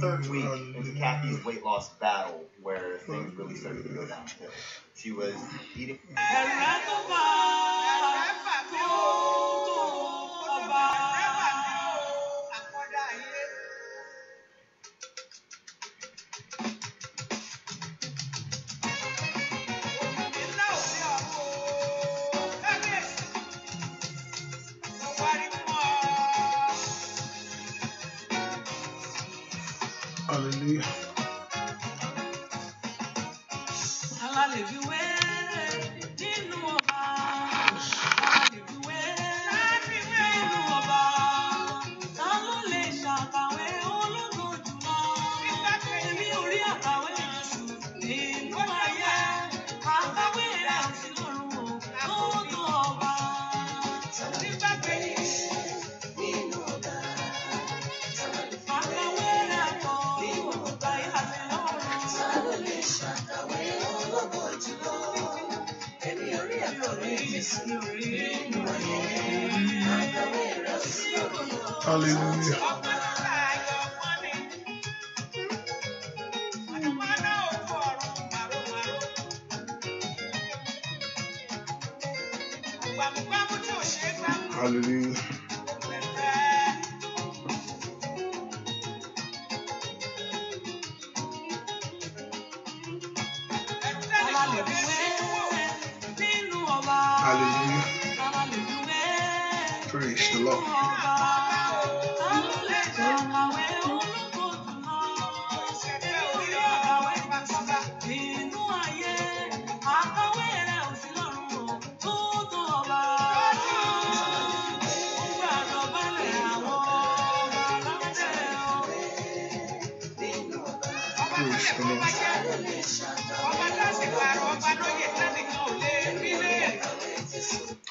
third week into Kathy's weight loss battle where things really started to go downhill. She was eating.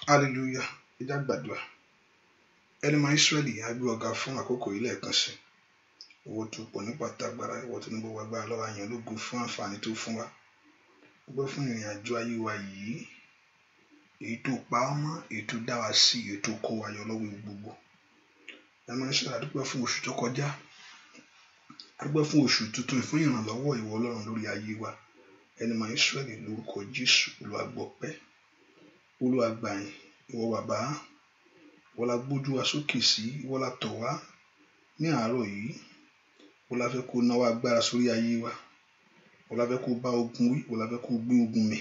hallelujah ẹjá gbàdúrà ẹni máa Ísírẹ́lì yẹn á gbé ọ̀gá fún àkókò yìí lẹ́ẹ̀kan sí ìwọ tó pọ̀ nípa tagbára ìwọ tó ní gbogbo agbára lọ́wọ́ àyàn lógo fún àǹfààní tó fún wa gbọ́ fún ìrìn àjò ayé wa yìí èyí tó pa ọ́ mọ́ èyí tó dá wa sí èyí tó kó wa yọ lọ́wọ́ gbogbo ẹ máa ń ṣàdúpẹ́ fún oṣù tó kọjá agbẹ́ fún oṣù tuntun fún ìrànlọ́wọ́ ìwọ ọlọ́run lórí ayé wa ẹni mọ̀ Ísírẹ́lì lórúkọ Jésù olùwàgbọ́pẹ́ olùwàgbàyìn ìwọ bàbá ìwọ la gbójú wa sókè sí ìwọ la tọ̀ wá ní àárọ̀ yìí ìwọ la fẹ́ kó náwó agbára sórí ayé wa ìwọ la fẹ́ kó bá ogun wí ìwọ la fẹ́ kó gbé ogun mì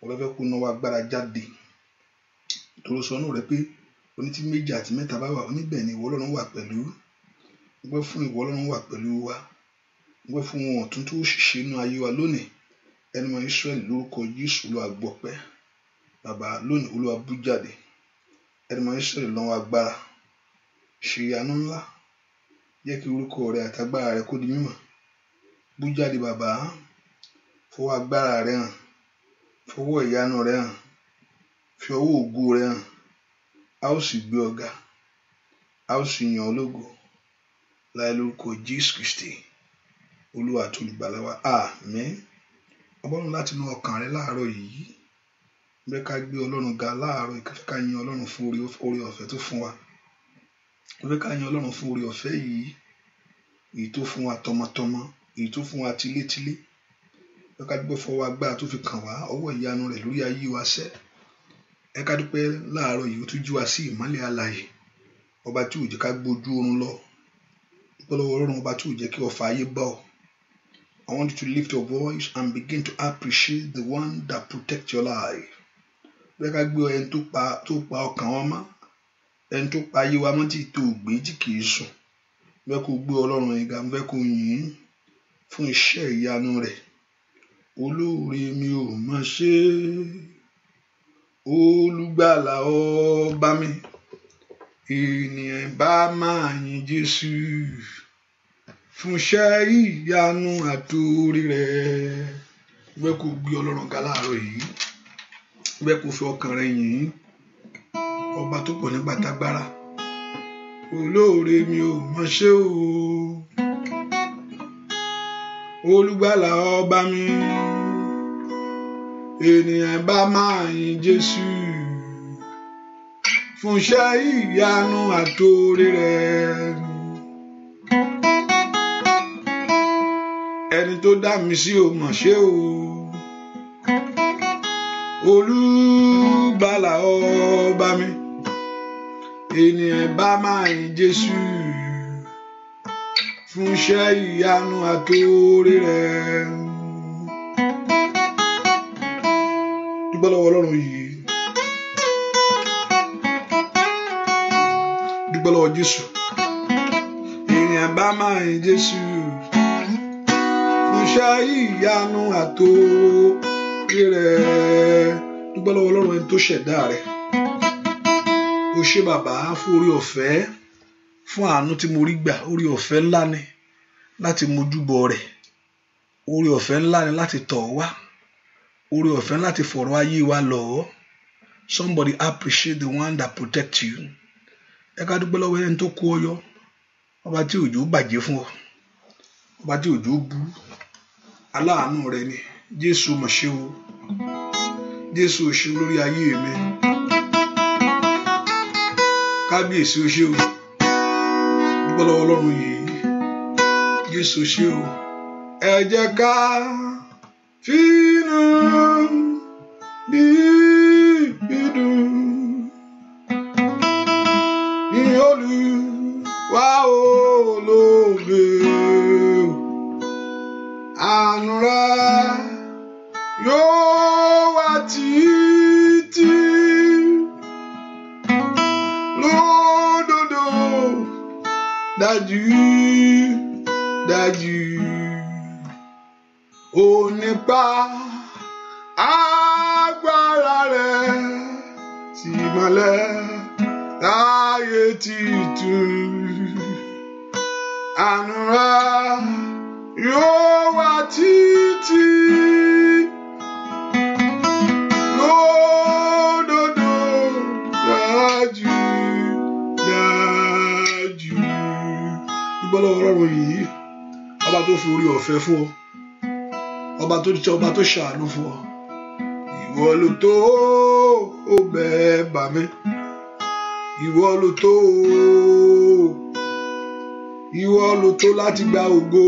ìwọ la fẹ́ kó náwó agbára jáde tòrò rẹ pé oní tí méjì àti mẹ́ta bá wà oníbẹ̀ ni ìwọ ọlọ́run wà pẹ̀lú gbé fún ìwọ ọlọ́run wà pẹ̀lú wa gbé fún ohun ọ̀tun tó ṣiṣẹ́ inú ayé wa lónìí ẹnu mọ Ísírẹ́lì lórúkọ Jésù olúwa gbọpẹ́ bàbá lónìí olúwa bú jáde ẹnu mọ Ísírẹ́lì lọ́wọ́ agbára ṣe ìyanu ńlá jẹ́ kí orúkọ rẹ àtagbára rẹ kó di mímọ̀ bú jáde bàbá fọwọ́ agbára rẹ hàn fọwọ́ ìyanu rẹ hàn fi ọwọ́ ògo rẹ hàn a ó sì gbé ọ a ó sì yàn ọ́ láì lórúkọ Jésù Kristi olúwa àti olùgbàlà wa àmín ọlọ́run láti inú ọkàn rẹ láàárọ̀ yìí bẹ́ ká gbé ọlọ́run ga láàárọ̀ ìkẹ́kẹ́ ká yin ọlọ́run fún oore ọ̀fẹ́ tó fún wa bẹ́ ká yin ọlọ́run fún oore ọ̀fẹ́ yìí èyí tó fún wa tọmọtọmọ èyí tó fún wa tilétilé bẹ́ ká dúpẹ́ fọwọ́ agbára tó fi kàn wá ọwọ́ ìyanu rẹ̀ lórí ayé wa sẹ́ ẹ ká dúpẹ́ láàárọ̀ yìí ó tún jí wa sí ìmọ́lẹ̀ alààyè ọba tí ò ká gbójú oorun lọ dúpẹ́ lọ́wọ́ ọlọ́run ọba tí ò jẹ́ kí ọfà ayé bá I want you to lift your voice and begin to appreciate the one that protect your life bẹ́ẹ̀ ká gbé ẹni tó pa tó pa ọkàn wọn mọ́ ẹni tó pa ayé wa mọ́ tí tó gbé tí kì í sùn bẹ́ẹ̀ kó gbé ọlọ́run ẹ̀ga bẹ́ẹ̀ kó yìn fún iṣẹ́ ìyanu rẹ̀ olóore mi ò mọ̀ ṣe olùgbàlà ọba mi ènìyàn bá máa yin Jésù fúnṣẹ́ ìyanu àtòrí rẹ̀ bẹ́ẹ̀ kò gbé Ọlọ́run ga láàárọ̀ yìí bẹ́ẹ̀ kò fi ọkàn rẹ̀ yìn ọba tó pọ̀ nípa tágbára olóore mi ò mọ̀ ṣe o olùgbàlà ọba mi ènìyàn bá máa yin Jésù fún iṣẹ́ ìyanu àtòrí rẹ̀. ẹni tó dá mi sí o mọ̀ ṣé o olùgbàlà ọba mi ènìyàn bá máa yin Jésù fún iṣẹ́ ìyanu àtòrí rẹ̀. dúpẹ́ lọ́wọ́ Ọlọ́run yìí. gbọ́ Jésù èèyàn bá máa yin Jésù iṣẹ́ ìyanu àtò rẹ̀ dúpẹ́ lọ́wọ́ Ọlọ́run ẹni tó ṣẹ̀dá rẹ̀ o ṣé bàbá fún orí ọ̀fẹ́ fún àánú tí mo rí gbà orí ọ̀fẹ́ ńlá ni láti mojúbọ rẹ̀ orí ọ̀fẹ́ ńlá ni láti tọ̀ wá orí ọ̀fẹ́ láti fọ̀rọ̀ ayé wa lọ̀ somebody appreciate the one that protect you. ẹka ká dúpẹ́ lọ́wọ́ ẹni tó kó ọ yọ ọba tí òjò bàjẹ́ fún ọ ọba tí òjò bú aláàánú rẹ ni jésù mà ṣé o jésù o ṣé lórí ayé mi kábíyèsí o ṣé o dúpẹ́ lọ́wọ́ ọlọ́run yìí jésù o ṣé o ẹ jẹ́ ká fínà bí ìdùn. jọba tó ṣàánú fún ọ ìwọ ló tó o bẹ́ẹ̀ bà mí ìwọ ló tó o ìwọ ló tó láti gba ògo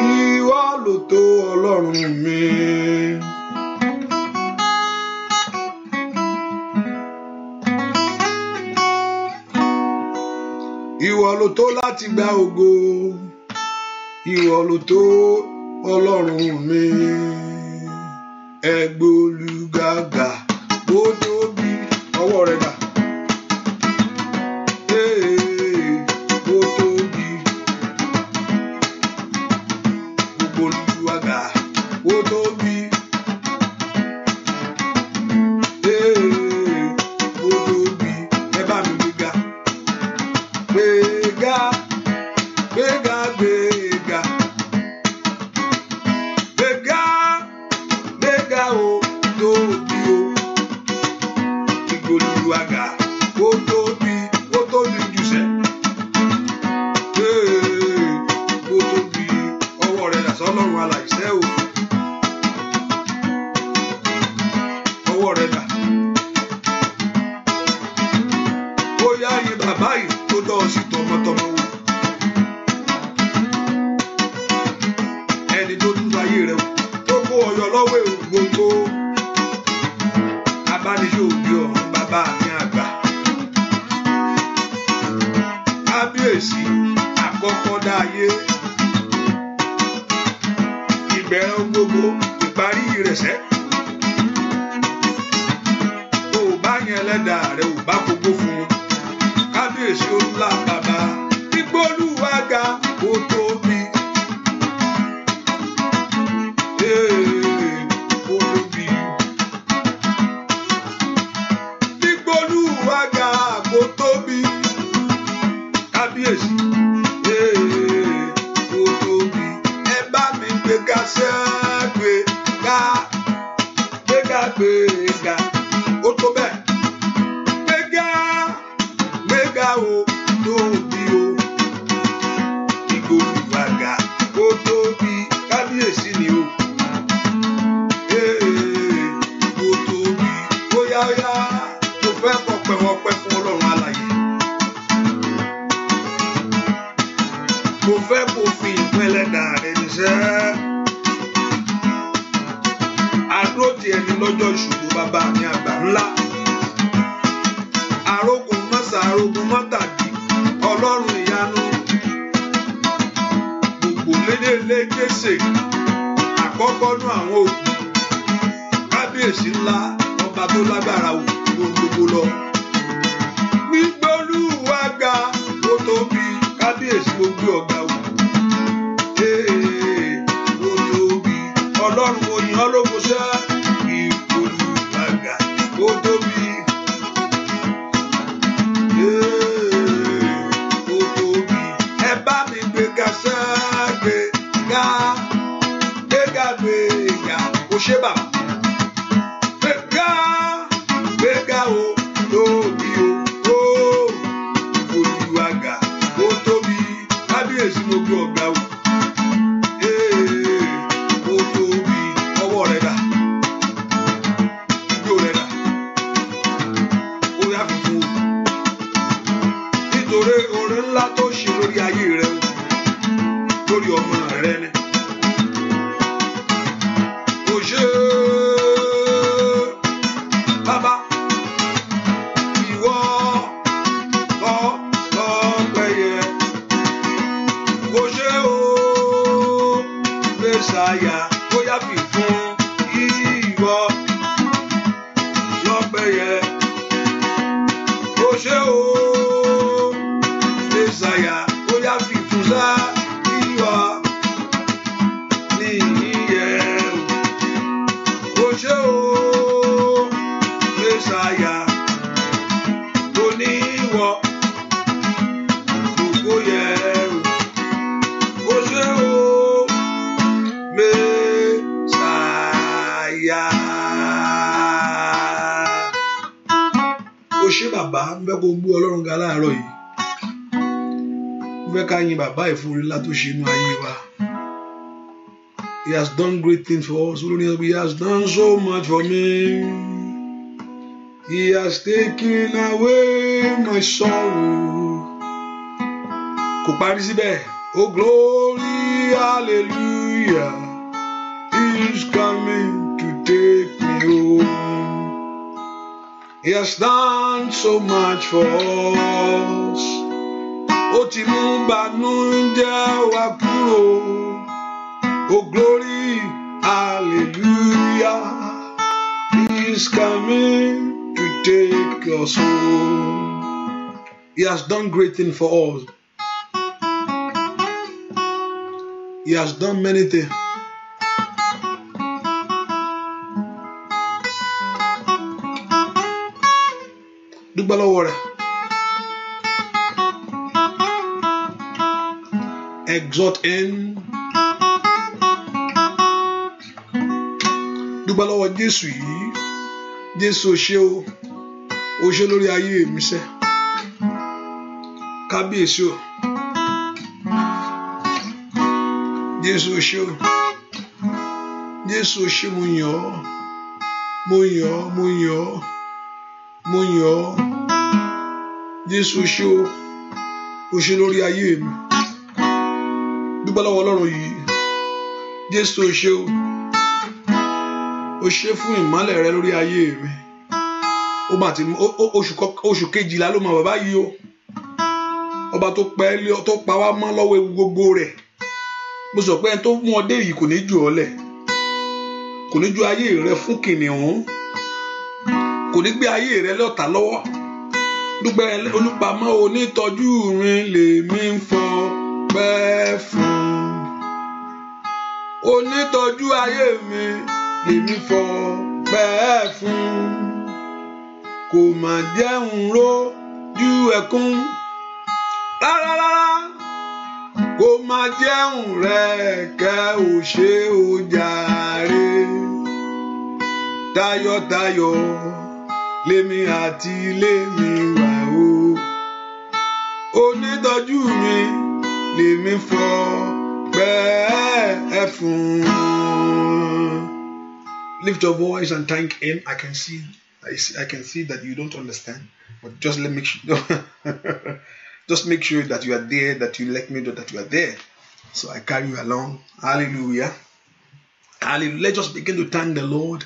ìwọ ló tó ọlọ́run mi. ìwọ ló tó láti gba ògo ìwọ ló tó ọlọ́run mi ẹ gbọ́. bàbá yìí tó dọ̀ sí tọmọtọmọ wò. ìfòrí ńlá tó ṣe He has done great things for us. He has done so much for me. He has taken away my sorrow. Kò parí síbẹ̀. Oh glory, hallelujah, He is coming to take me home. He has done so much for us ó ti mú banújẹ́ wa kúrò oh glory hallelujah he is coming to take your soul he has done great things for us he has done many things. dúpẹ́ lọ́wọ́ rẹ̀. exhort him. dúpẹ́ lọ́wọ́ jésù yìí jésù o ṣé o o ṣé lórí ayé mi sẹ́ kábíyèsí o jésù o ṣé o jésù o ṣé mo yàn ọ́ mo yàn ọ́ mo yàn ọ́ mo yàn ọ́ jésù o o o ṣé lórí ayé mi dúpẹ́ lọ́wọ́ ọlọ́run yìí jésù o ṣé o o ṣé fún ìmọ́lẹ̀ rẹ lórí ayé mi ó mà ti oṣù kejìlá ló mọ bàbá yìí o ọba tó pẹ́ tó pa wá mọ́ lọ́wọ́ ewu gbogbo rẹ̀ mo sọ pé ẹni tó mú ọ dé yìí kò ní jù ọ́ kò ní ju ayé rẹ fún kìnìún kò ní gbé ayé rẹ lọ́tà lọ́wọ́ dúpẹ́ olùpamọ́ onítọ́jú mi lèmi ń fọ́ dúpẹ́ fún onítọ́jú ayé mi lèmi fọpẹ́ fún kò mà jẹun rójú ẹkún rárá rárá kò mà jẹun rẹ̀ kẹ́ ò ṣe ó jàre tayọ̀tayọ̀ lèmi àti lèmi wà o onítọ́jú mi. lèmi fọ pẹ́ fún. Lift your voice and thank him. I can see, I see, I can see that you don't understand, but just let me, just make sure that you are there, that you let me know that you are there, so I carry you along. Hallelujah. Hallelujah. Let's just begin to thank the Lord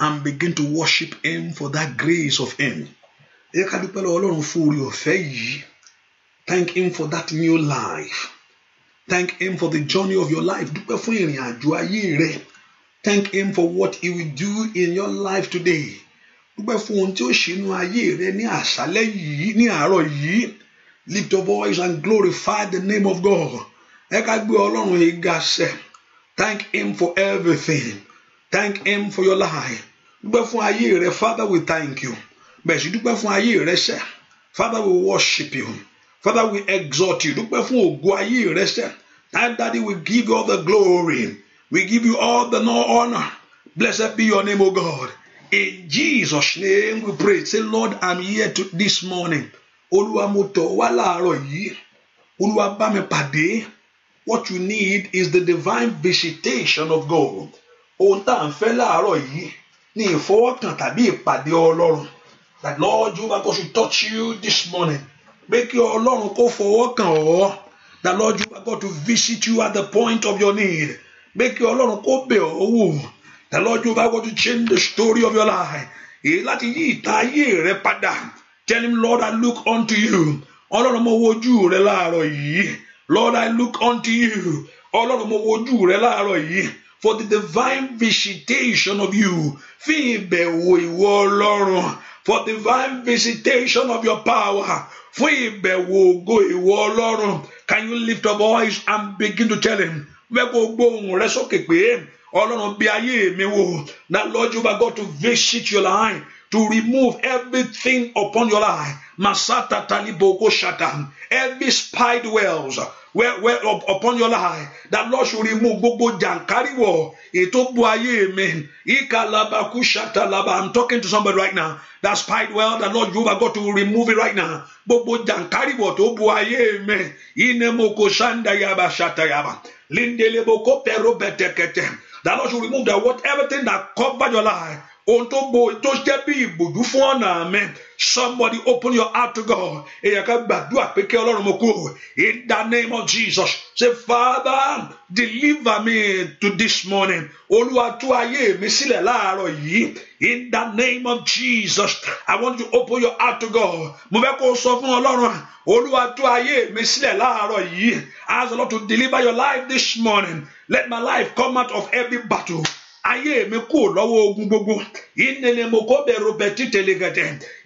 and begin to worship Him for that grace of Him. Thank Him for that new life. Thank Him for the journey of your life. Thank Him for what He will do in your life today. Lift your voice and glorify the name of God. Thank Him for everything. Thank Him for your life. Father we thank you. Father we worship you. Father, we exhort you. Dúpẹ́ fún ògo ayé rẹ sẹ́. And daddy, we give you all the glory. We give you all the no honor. Blessed be your name, O God. In Jesus' name we pray. Say, Lord, I'm here to this morning. Olúwa mo tọ̀ wá láàárọ̀ yìí. Olúwa bá mi pàdé. What you need is the divine visitation of God. Ohun tá à ń fẹ́ láàárọ̀ yìí ní ìfọwọ́kàn tàbí ìpàdé Ọlọ́run. That Lord, Jehovah God should touch you this morning. pé kí ọlọ́run kó fọwọ́ kàn ọ́ that Lord you are God to visit you at the point of your need pé kí ọlọ́run kó bẹ̀ ọ́ wò that Lord you are God to change the story of your life èyí láti yí ìta ayé rẹ padà tell him Lord I look unto you ọlọ́run mo wojú rẹ láàárọ̀ yìí Lord I look unto you ọlọ́run mo wojú rẹ láàárọ̀ yìí for the divine visitation of you fi ìbẹ̀wò ìwọ ọlọ́run for divine visitation of your power fún ìbẹ̀wò ògo ìwọ ọlọ́run can you lift up voice and begin to tell him mẹ́kọ̀ọ́ gbóhùn rẹ sókè pé ọlọ́run bí ayé mi wò na lord jehovah god to visit your life to remove everything upon your life masata talibogo shata every spied wells. where, where, upon your life that Lord should remove gbogbo jàǹkáríwọ̀ ètò bu ayé mi ìkàlàbàkú ṣàtàlàbà I'm talking to somebody right now that spite well that Lord Jehovah got to remove it right now gbogbo jàǹkáríwọ̀ tó bu ayé mi ìnẹ́mọ̀kọ ṣàǹdàyàbà ṣàtàyàbà lindeleboko pẹ̀rọ bẹ̀tẹ̀kẹ̀tẹ̀ that Lord should remove that what everything that cover your life ohun tó bo tó jẹ́ bí ìbòjú fún ọ̀nà mi. Somebody open your heart to God. In the name of Jesus. Say, Father, deliver me to this morning. In the name of Jesus, I want you to open your heart to God. Mo Olúwa tú ayé mi sílẹ̀ láàárọ̀ yìí. Ask the Lord to deliver your life this morning. Let my life come out of every battle ayé mi kúrò lọ́wọ́ ogun gbogbo ìnele mo kó bẹ̀rù bẹ̀tí tẹlẹgẹdẹ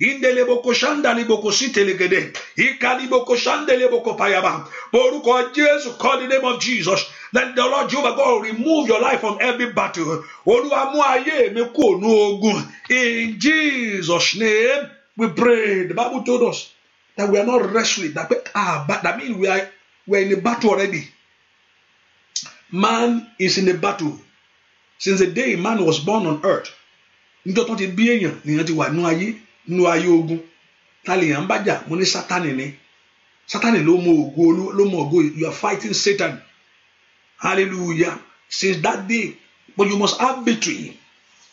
ìndele mo kó sándàlí mo kó sí tẹlẹgẹdẹ ìkàlí mo kó sándẹlẹ mo kó payaba orúkọ jésù call the name of jesus let the lord jehovah god remove your life from every battle olúwa mú ayé mi kúrò ní ogun in jesus name we pray the bible told us that we are not wrestling that, we, ah, but that means we are, we are in a battle already man is in a battle since the day man was born on earth níjọ́ tó ti bí èèyàn nìyẹn ti wà nú ayé nú ayé ogun ta lè yàn bá jà mo ní sátani ni sátani ló mọ ògo ló mọ ògo you are fighting satan hallelujah since that day but you must have victory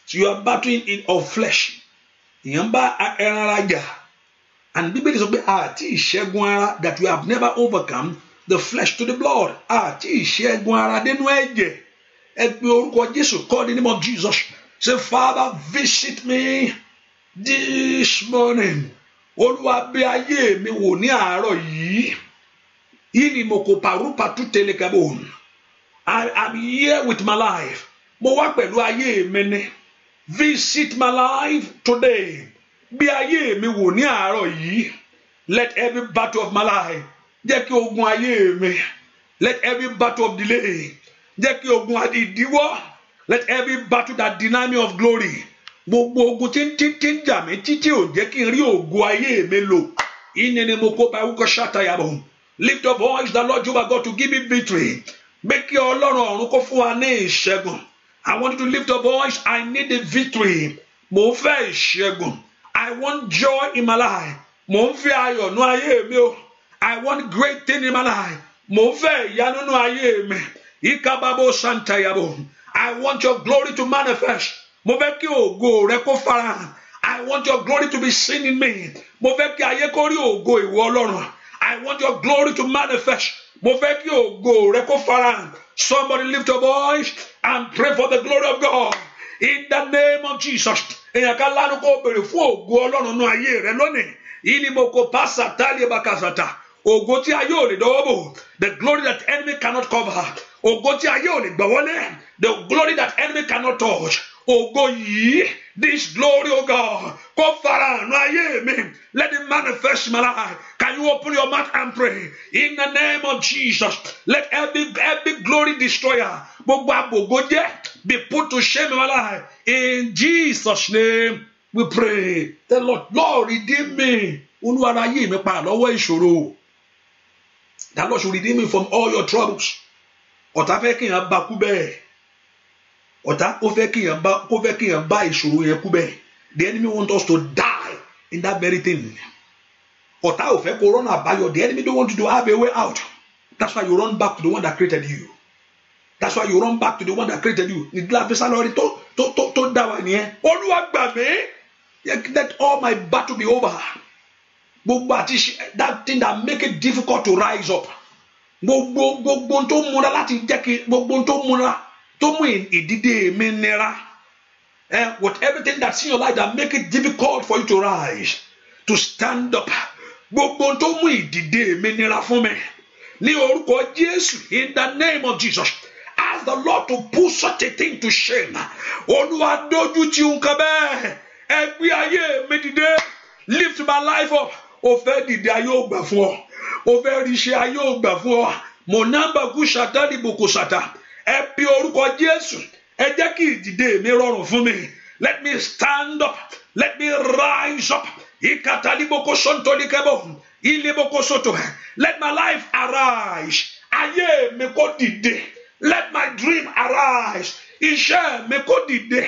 so you are battling in of flesh èèyàn bá ẹran ara jà and bíbélì sọ pé àti ìṣẹ́gun ara that you have never overcome the flesh to the blood àti ìṣẹ́gun ara dénú ẹ̀jẹ̀ ẹ pe orúkọ Jésù call the name of Jesus say Father visit me this morning olúwa bí ayé mi wò ní àárọ̀ yìí ìní mo kò parúpa tú telekabo I am here with my life mo wá pẹ̀lú ayé mi ni visit my life today bí ayé mi wò ní àárọ̀ yìí let every battle of my life jẹ́ kí ogun ayé mi let every battle of delay jẹ́ kí ogun adi ìdíwọ́ let every battle that deny me of glory gbogbo ogun tí ń tí ń tí ń jà mí títí ò jẹ́ kí n rí ògo ayé mi lò ìní ni mo kó bá wúkọ ṣàtàyàbọ̀ lift up voice the Lord Jehovah God to give me victory pé kí ọlọ́run ọ̀run kó fún wa ní ìṣẹ́gun I want you to lift up voice I need a victory mo fẹ́ ìṣẹ́gun I want joy in my life mo ń fẹ́ ayọ̀ nú ayé mi o I want great thing in my life mo fẹ́ ìyanu nú ayé mi. Ikababo Santayabo. I want your glory to manifest. Mo fẹ́ kí ògo rẹ kó farahàn. I want your glory to be seen in me. Mo fẹ́ kí ayé kó rí ògo ìwọ Ọlọ́run. I want your glory to manifest. Mo fẹ́ kí ògo rẹ kó farahàn. Somebody lift your voice and pray for the glory of God. In the name of Jesus. Èèyàn kan lánàá kó béèrè fún ògo Ọlọ́run nínú ayé rẹ lónìí. Ilimoko pasa talie bakasata. Ògo tí ayé ò lè dọwọ́ bò. The glory that enemy cannot cover. ògo tí ayé ò lè wọlé the glory that enemy cannot touch God, ye this glory o God kó fara let it manifest my life can you open your mouth and pray in the name of Jesus let every every glory destroyer gbogbo àgbògo ye, be put to shame in my life in Jesus name we pray the Lord Lord redeem me olúwarayé mi pa lọ́wọ́ ìṣòro the Lord should redeem me from all your troubles. ọ̀tá fẹ́ kéèyàn bá kú bẹ́ẹ̀ ọ̀tá ó fẹ́ kéèyàn bá ó fẹ́ kéèyàn bá ìṣòro yẹn kú bẹ́ẹ̀ the enemy want us to die in that very thing ọ̀tá ò fẹ́ kó run àbáyọ the enemy don't want you to have a way out that's why you run back to the one that created you that's why you run back to the one that created you nídìí àfẹsà lọ́rí tó tó tó tó dá wa nìyẹn olúwa gbà mí let all my battle be over gbogbo àti that thing that make it difficult to rise up gbogbo gbogbo tó múra láti jẹ́ kí gbogbo tó múra tó mú ìdìde mi nira eh, with everything that's in your life that make it difficult for you to rise to stand up gbogbo tó mú ìdìde mi nira fún mi ní orúkọ Jésù in the name of Jesus ask the Lord to put such a thing to shame Olúwa dojú ti nǹkan bẹ́ẹ̀ ẹ gbé ayé mi dìde lift my life up ó fẹ́ dìde ayé ó gbà fún ọ o fẹ́ rí iṣẹ́ ayé ògbà fún ọ mọ̀nàmbà kú ṣàtà dìbò kò ẹ pe orúkọ Jésù ẹ jẹ́ kí ìdìde mi rọrùn fún mi let me stand up let me rise up ìkàtà dìbò kò ṣọ́ntò ní kẹ́bọ̀ ìlébò kò ṣòtò let my life arise ayé mi kò dìde let my dream arise iṣẹ́ mi kò dìde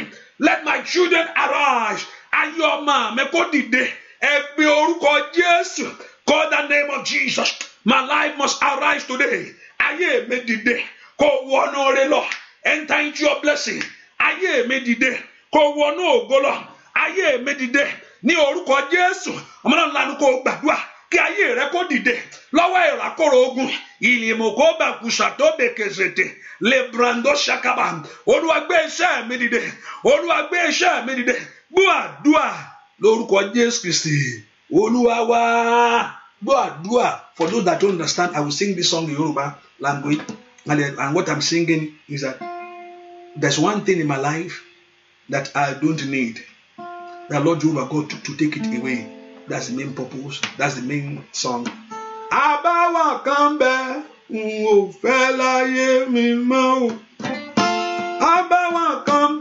let my children arise ayé ọmọ mi kò dìde ẹ pe orúkọ Jésù. Call the name of Jesus. My life must arise today. Ayé mi dìde kó wọnú oore lọ. Enter into your blessing. Ayé mi dìde kó wọnú ògo lọ. Ayé mi dìde ní orúkọ Jésù. Ọmọ náà lanu kó gbàdúrà kí ayé rẹ kó dìde lọ́wọ́ ìràkọ̀rọ̀ ogun ìlìmọ̀kọ́ bàkùsà tó bèkè zètè lè brando ṣakaba olúwa gbé iṣẹ́ mi dìde olúwa gbé mi dìde gbọ́ lórúkọ Jésù Kristi. Oluwawa, wá gbọ́ for those that don't understand I will sing this song in Yoruba language and, then, and what I'm singing is that there's one thing in my life that I don't need that Lord Yoruba God to, to take it away that's the main purpose that's the main song. àbáwọ̀ kan bẹ́ẹ̀ n ò fẹ́ láyé mi mọ́ o àbáwọ̀ kan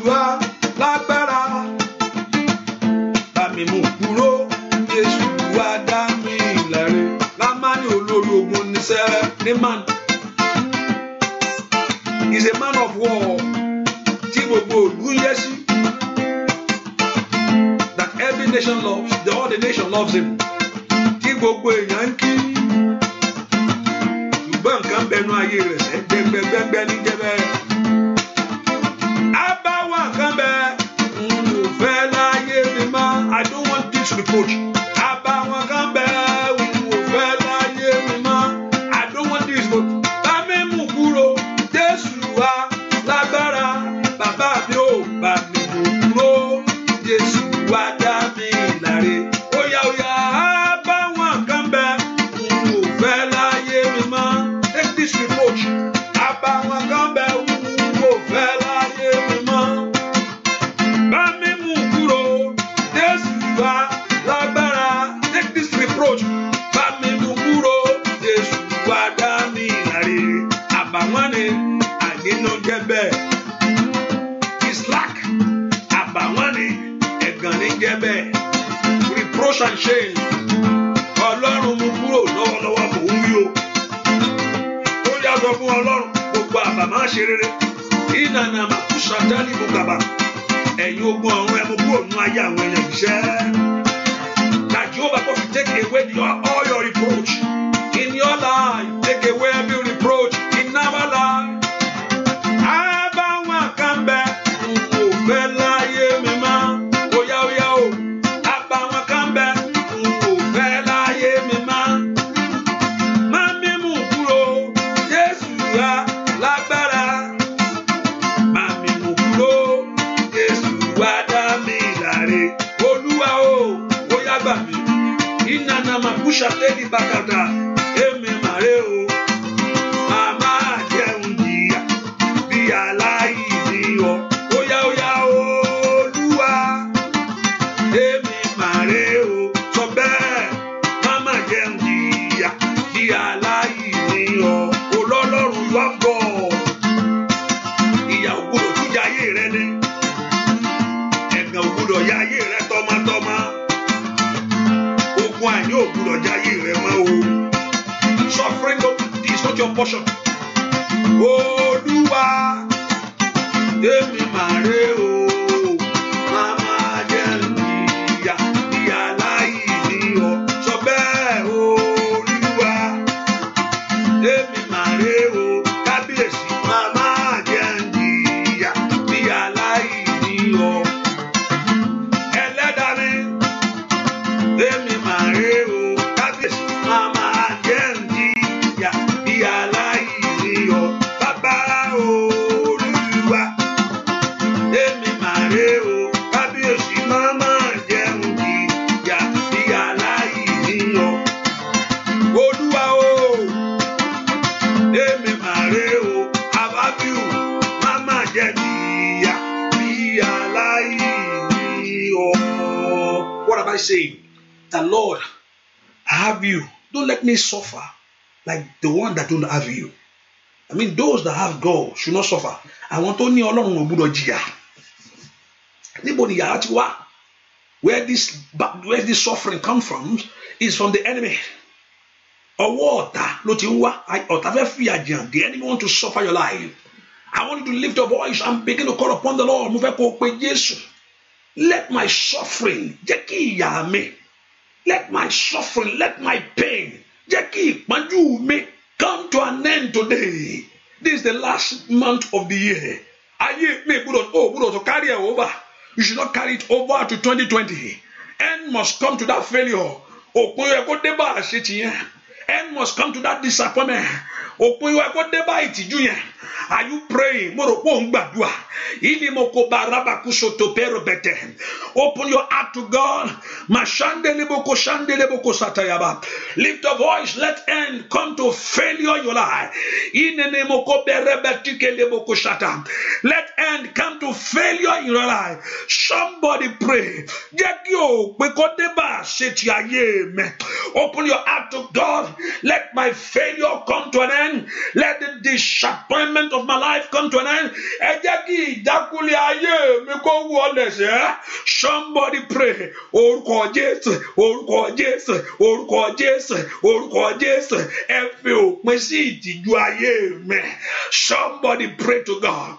olúwa lágbára bá mú kúrò jésù wá dá mi láre lámánì olórí ogun níṣẹ́ ní man is a man of war tí gbogbo òlú yẹ sí that every nation loves the all the nation loves him tí gbogbo èèyàn ń kí ṣùgbọ́n nǹkan bẹnu ayé rẹ̀ ẹgbẹgbẹgbẹ ní jẹ́bẹ́ẹ́. Fute. ṣe ìnana màtúṣà dání bùkàbà ẹ̀yin ogun ọ̀run ẹ̀ mú ayé àwọn èèyàn ìṣẹ́. That Jehovah God should take away your, all your reproach. Dios te the one that don't have you i mean those that have God should not suffer àwọn tó ní ọlọ́run ò gbúdọ̀ jìyà níbo ni yàrá ti wá where this where this suffering come from is from the enemy ọwọ́ ọ̀tá ló ti ń wá ọ̀tá fẹ́ fi àjàn the enemy want to suffer your life i want you to lift your voice and begin to call upon the lord mo fẹ́ kó o pe jésù let my suffering jẹ́ kí ìyà mi let my suffering let my pain jẹ́ kí ìpọ́njú mi come to an end today this is the last month of the year ayé mi gbúdọ̀ ó gbúdọ̀ to carry it over you should not carry it over to 2020. end must come to that failure òpin yẹ kó dé bá àṣetì yẹn end must come to that disappointment òpin yẹ kó dé bá ìtìjú yẹn. Are you praying? Mo rò pé òun gbàdúrà. Ìní mo kò bá Open your heart to God. Mà ṣándélé boko ṣándélé boko ṣàtàyàbá. Lift your voice, let end come to failure your life. Ine ne mo kò bẹ̀rẹ̀ bẹ̀tìkélé boko ṣàtà. Let end come to failure in your life. Somebody pray. Jẹ́ kí o pé kó dé Open your heart to God. Let my failure come to an end. Let the disappointment assignment of my life come to an end ẹ jẹ́ kí ìjákulẹ̀ ayé mi kó wú ọlẹ̀ sẹ́ somebody pray orúkọ Jésù orúkọ Jésù orúkọ Jésù orúkọ Jésù ẹ fi òpin sí ìtìjú ayé mi somebody pray to God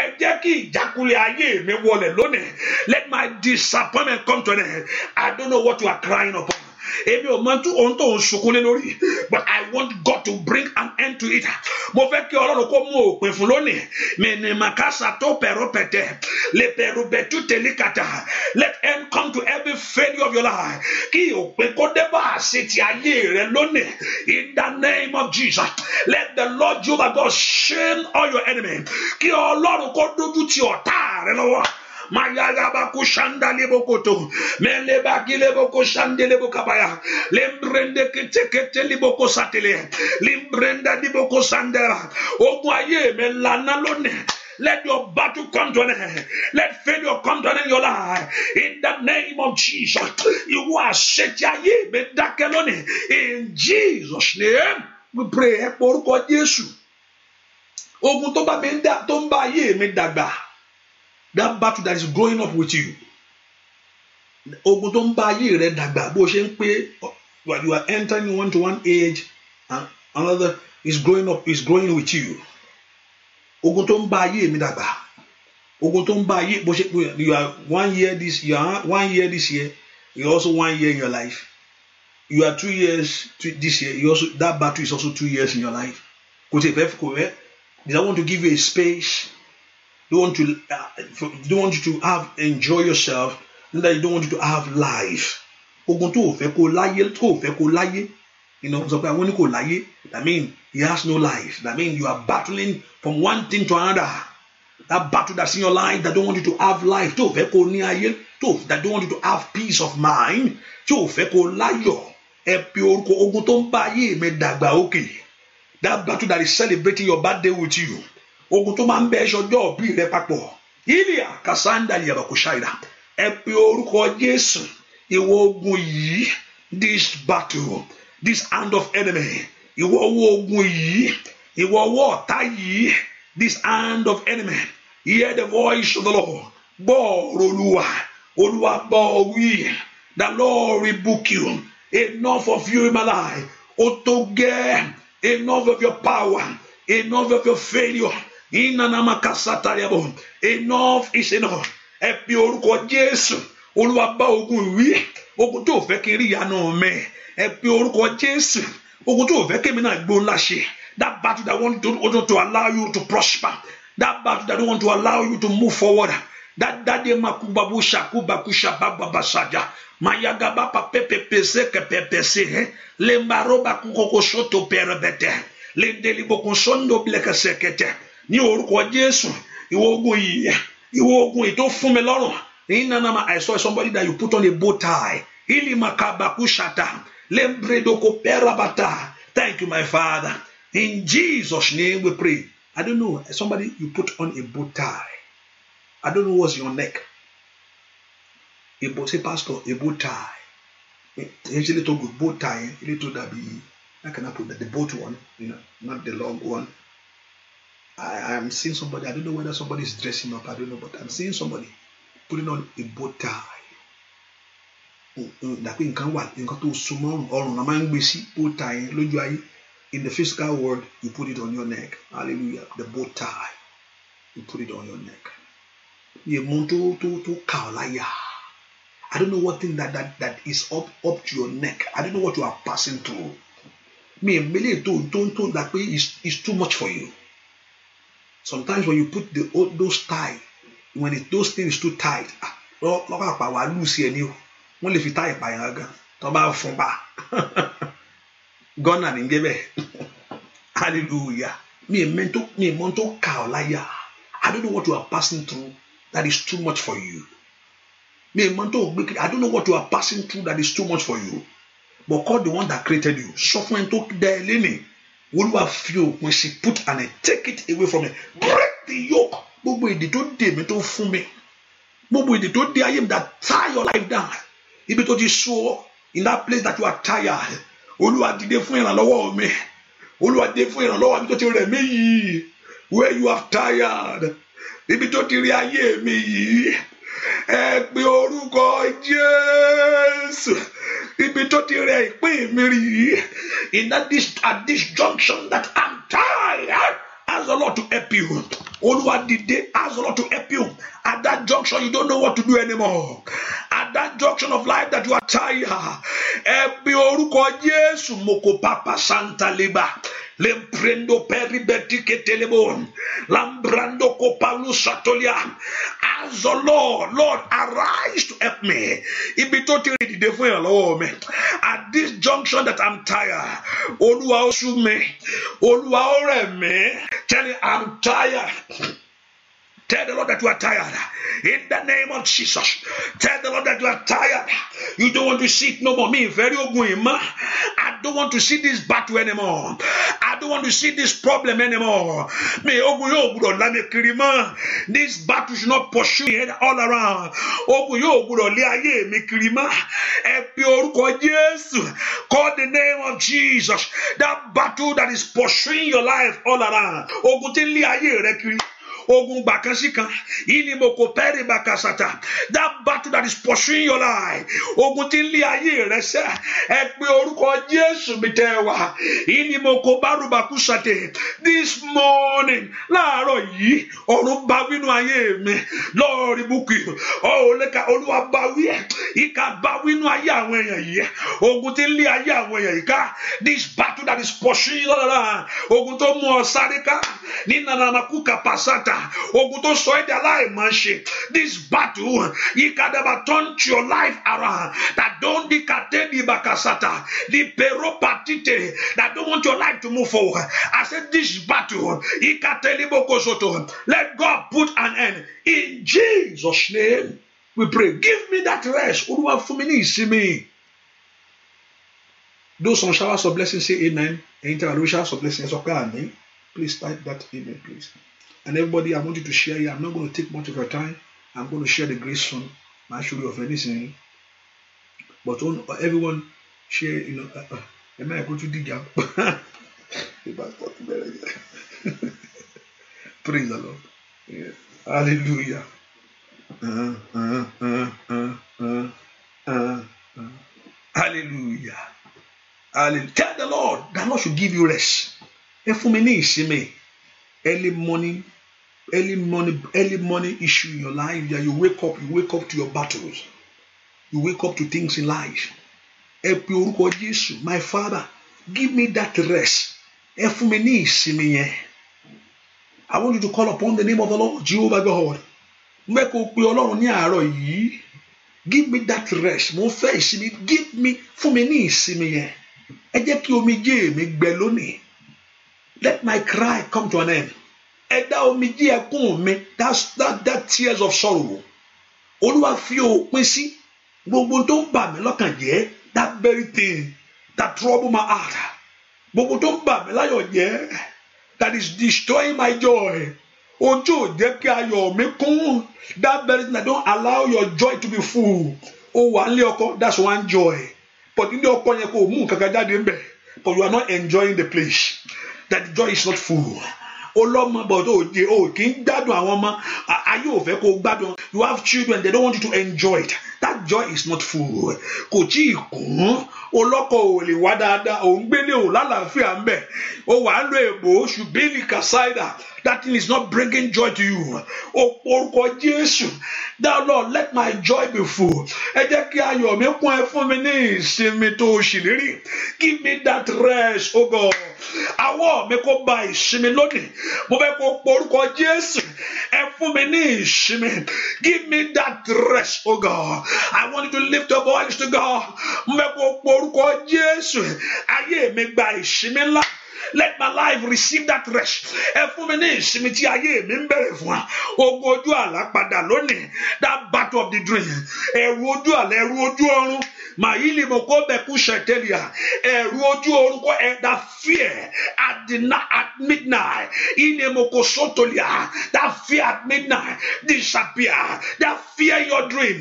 ẹ jẹ́ kí ìjákulẹ̀ ayé mi wọlẹ̀ lónìí let my disappointment come to an end I don't know what you are crying upon èmi ò mọ tó ohun tó ń sunkún lé lórí but I want God to bring an end to it mo fẹ́ kí ọlọ́run kó mú òpin fún lónìí mi ni màkàsà tó pẹ̀rọ pẹ̀tẹ̀ lè pẹ̀rù bẹ̀tú tẹ̀lékàtà let end come to every failure of your life kí òpin kó dé bá àṣetì ayé rẹ lónìí in the name of Jesus let the Lord Jehovah God shame all your enemies kí ọlọ́run kó dójú ti ọ̀tá rẹ lọ́wọ́ mayagaba kushanda libokoto melebaki leboko shande lebokabaya lembrende ketekete liboko satele limbrenda liboko sandela omoye melana lone let your battle come to an end. Let failure come to an end in your life. In the name of Jesus. You are set In Jesus' name, we pray. Orúkọ Jésù. Ogun tó bá mi dá tó ń bá ayé mi dàgbà that battle that is growing up with you ogun tó ń bá ayé rẹ dàgbà bó ṣe ń pé you are entering one to one age and another is growing up is growing with you ogun tó ń bá ayé mi dàgbà ogun tó ń bá ayé bó ṣe pé you are one year this you are one year this year you are also one year in your life you are two years this year you also that battle is also two years in your life kò tẹ̀ fẹ́ kò fẹ́ because I want to give you a space. don't want you uh, don't want you to have enjoy yourself nigba yìí don't want you to have life ogun tó fẹ́ kó láyé tó fẹ́ kó láyé you know sọ pé kò láyé that mean he has no life that mean you are battling from one thing to another that battle that's in your life that don't want you to have life tó fẹ́ kó ní tó that don't want you to have peace of mind To fẹ́ kó láyọ̀ ẹ orúkọ ogun tó ń dàgbà òkè that battle that is celebrating your birthday with you. ogun tó máa ń bẹ́ ṣọjọ́ òbí rẹ papọ̀ ilẹ̀ kasanda yabakushaira ẹ pe orúkọ Jésù ìwọ ogun yìí this battle this hand of enemy ìwọ ọwọ́ ogun yìí ìwọ ọwọ́ ọ̀tá yìí this hand of enemy hear the voice of the Lord gbọ́ ọ̀rọ̀ olúwa olúwa bọ́ wí the Lord rebuke you enough of you in my life ó tó gẹ́ enough of your power enough of your failure. inanamakasatariabo enough is enough ẹ pe orúkọ jésù olúwa ogun ìwí ogun tó fẹ́ kí n rí ẹ pe orúkọ jésù ogun tó fẹ́ kí mi náà gbó ńlá ṣe that battle that to, to allow you to prosper that battle that want to allow you to move forward that dade makubabu shakubaku shabababa saja mayagaba papepepese kepepese he lemaroba soto ní orúkọ Jésù ìwọ ogun ìyà ìwọ ogun ìtó fún mi lọ́rùn ìnana I saw somebody that you put on a bow tie ili makabaku shata lembredoko perabata thank you my father in Jesus name we pray I don't know somebody you put on a bow tie I don't know what's your neck ebo say pastor a bow tie Usually, to go bow tie ele to dabi I cannot put that the boat one you know not the long one I, I'm seeing somebody. I don't know whether somebody is dressing up. I don't know, but I'm seeing somebody putting on a bow tie. Dàpé mm, mm, nǹkan wà nǹkan tó súnmọ́ ọrùn ọrùn la máa ń gbé sí bow tie lójú ayé. In the physical world, you put it on your neck. Hallelujah. The bow tie, you put it on your neck. Èmo tó tó tó kà ọ́ láyà. I don't know what thing that that that is up up to your neck. I don't know what you are passing through. Mi ò mélé tó tó tó dàpé is too much for you sometimes when you put the old those tie when it, those things too tight ah, lọ́kọ̀ àpàwà lùsì ẹni o wọ́n lè fi tie ìpààyàn gan tó bá fún bá gọ́nà ní gébẹ̀ hallelujah mi ì mọ́ tó kà ọ́ láyà I don't know what you are passing through that is too much for you mi ì mọ́ gbé kiri I don't know what you are passing through that is too much for you but call the one that created you sọ fún ẹni tó dá ẹ lẹ́nìí olúwa fi òpin sí put and take it away from me break the yoke gbogbo èdè tó dè mí tó fún mi gbogbo èdè tó dé ayé mi that tie your life down ibi tó ti so in that place that you are tired olúwa dìde fún ìrànlọ́wọ́ mi olúwa dìde fún ìrànlọ́wọ́ mi tó ti rẹ̀ mí yìí where you are tired ibi tó ti rí ayé mi yìí ẹ pe orúkọ Jésù ibi tó ti rẹ ìpín mi rí in that this at this junction that I'm tired ask the Lord to help you olúwa dìde ask the Lord to help you at that junction you don't know what to do anymore at that junction of life that you are tired ẹbí orúkọ Jésù mokopapa santaleba lemprendo peribeti ketelebo lambrando kopalu satolia as the Lord Lord arise to help me ibi tó ti rí dìde fún ìrànlọ́wọ́ mi at this junction that I'm tired olúwa ó sú me. olúwa ó rẹ̀ mí tell me I'm tired. Tell the Lord that you are tired. In the name of Jesus. Tell the Lord that you are tired. You don't want to see it no more. Me, very ogunima. I don't want to see this battle anymore. I don't want to see this problem anymore. Me, ogun yóò gbúdọ̀ This battle should not pursue me all around. Ogun yóò gbúdọ̀ lé ayé mi kiri mọ́. Ẹ pe orúkọ Jésù. Call the name of Jesus. That battle that is pursuing your life all around. Ogun tí ń lé ayé rẹ ogun gbàkánṣí kan ìní mo kò that battle that is pursuing your life ogun tí ń lé ayé rẹ sẹ́ ẹ pé orúkọ Jésù mi tẹ́ wá ìní mo kò bárùbàkú this morning láàárọ̀ yìí ọ̀run bá wínú ayé mi lọ́ọ̀rì búkì ọ̀ọ́lẹ́ka olúwa bá wí ẹ̀ ìka bá wínú ayé àwọn èèyàn yìí ogun tí ń lé ayé àwọn èèyàn yìí ká this battle that is pursuing life, ogun tó mú ọ sáré ká ní nanamaku kapasata ogun tó sọ ẹ́ di aláìmọ̀ọ́ṣe this battle yíkadàbà turn to your life around that don dikate di bakasata di peropatite that don want your life to move forward I said this battle yikatelibokosoto let God put an end in Jesus name we pray give me that rest Olúwa fún mi ní ìsinmi. Those on showers of blessing say amen. A Enter showers of blessing. Please type that amen, please. And everybody, I want you to share here. I'm not going to take much of your time. I'm going to share the grace soon. Not sure of anything. But on everyone share, you know, uh, uh, am I going to dig up? Praise the Lord. Yeah. Hallelujah. Uh, uh, uh, uh, Hallelujah. Hallelujah. Tell the Lord, that Lord should give you rest. early morning Early morning, early morning issue in your life that you wake up, you wake up to your battles, you wake up to things in life. Ẹ pe orúkọ Jésù, my father, give me that rest. Ẹ fún mi I want you to call upon the name of the Lord, Jehovah God. Mẹ́kọ̀ pe Ọlọ́run ní Give me that rest. Mo fẹ́ ìsinmi. Give me fún mi ní ìsinmi yẹn. Ẹ jẹ́ kí omijé mi gbẹ lónìí. Let my cry come to an end ẹ dá omijé ẹkún mi that's that that tears of sorrow olúwa fi òpin sí gbogbo tó ń bà mí lọ́kàn jẹ́ that very thing that trouble my heart gbogbo tó ń bà mí láyọ̀ jẹ́ that is destroying my joy ojú ò jẹ́ kí ayọ̀ mi kún that very thing that don't allow your joy to be full o wà nílé ọkọ that's one joy but nílé ọkọ yẹn kò mú nǹkan kan jáde ń bẹ̀ but you are not enjoying the place that joy is not full ọlọ́mọ but o jẹ o kì í gbádùn àwọn ọmọ ayé ò fẹ́ kó gbádùn you have children they don't want you to enjoy it that joy is not full kò tí ì kún ọlọ́kọ̀ ò lè wá dáadáa ò ń gbélé ò lálàáfíà ń bẹ̀ o wà á lo èbó ṣùgbẹ́lì kàsáìdà that thing is not bringing joy to you Oh, orúkọ jésù that lord let my joy be full ẹ jẹ́ kí ayọ̀ mi kún ẹ fún mi ní ìsinmi tó ṣèlérí give me that rest oh god àwọ̀ mi kò ba ìsinmi lónìí mo fẹ́ kó orúkọ jésù ẹ fún mi ní ìsinmi give me that rest oh god i want you to lift your voice to god mo fẹ́ kó orúkọ jésù ayé mi gba ìsinmi ńlá let my life receive that rest ẹ fún mi ní ìsinmi tí ayé mi ń bẹ̀rẹ̀ fún wa ogun ojú àlá padà lónìí that battle of the dream ẹ̀rù ojú àlá ẹ̀rù ojú ọ̀run. Mahili Mokobeku Shetelia, ẹ̀rù ojú orúkọ ẹ̀ that fear at, the, at midnight, Inemokosotolia, that fear at midnight disappear, that fear your dream,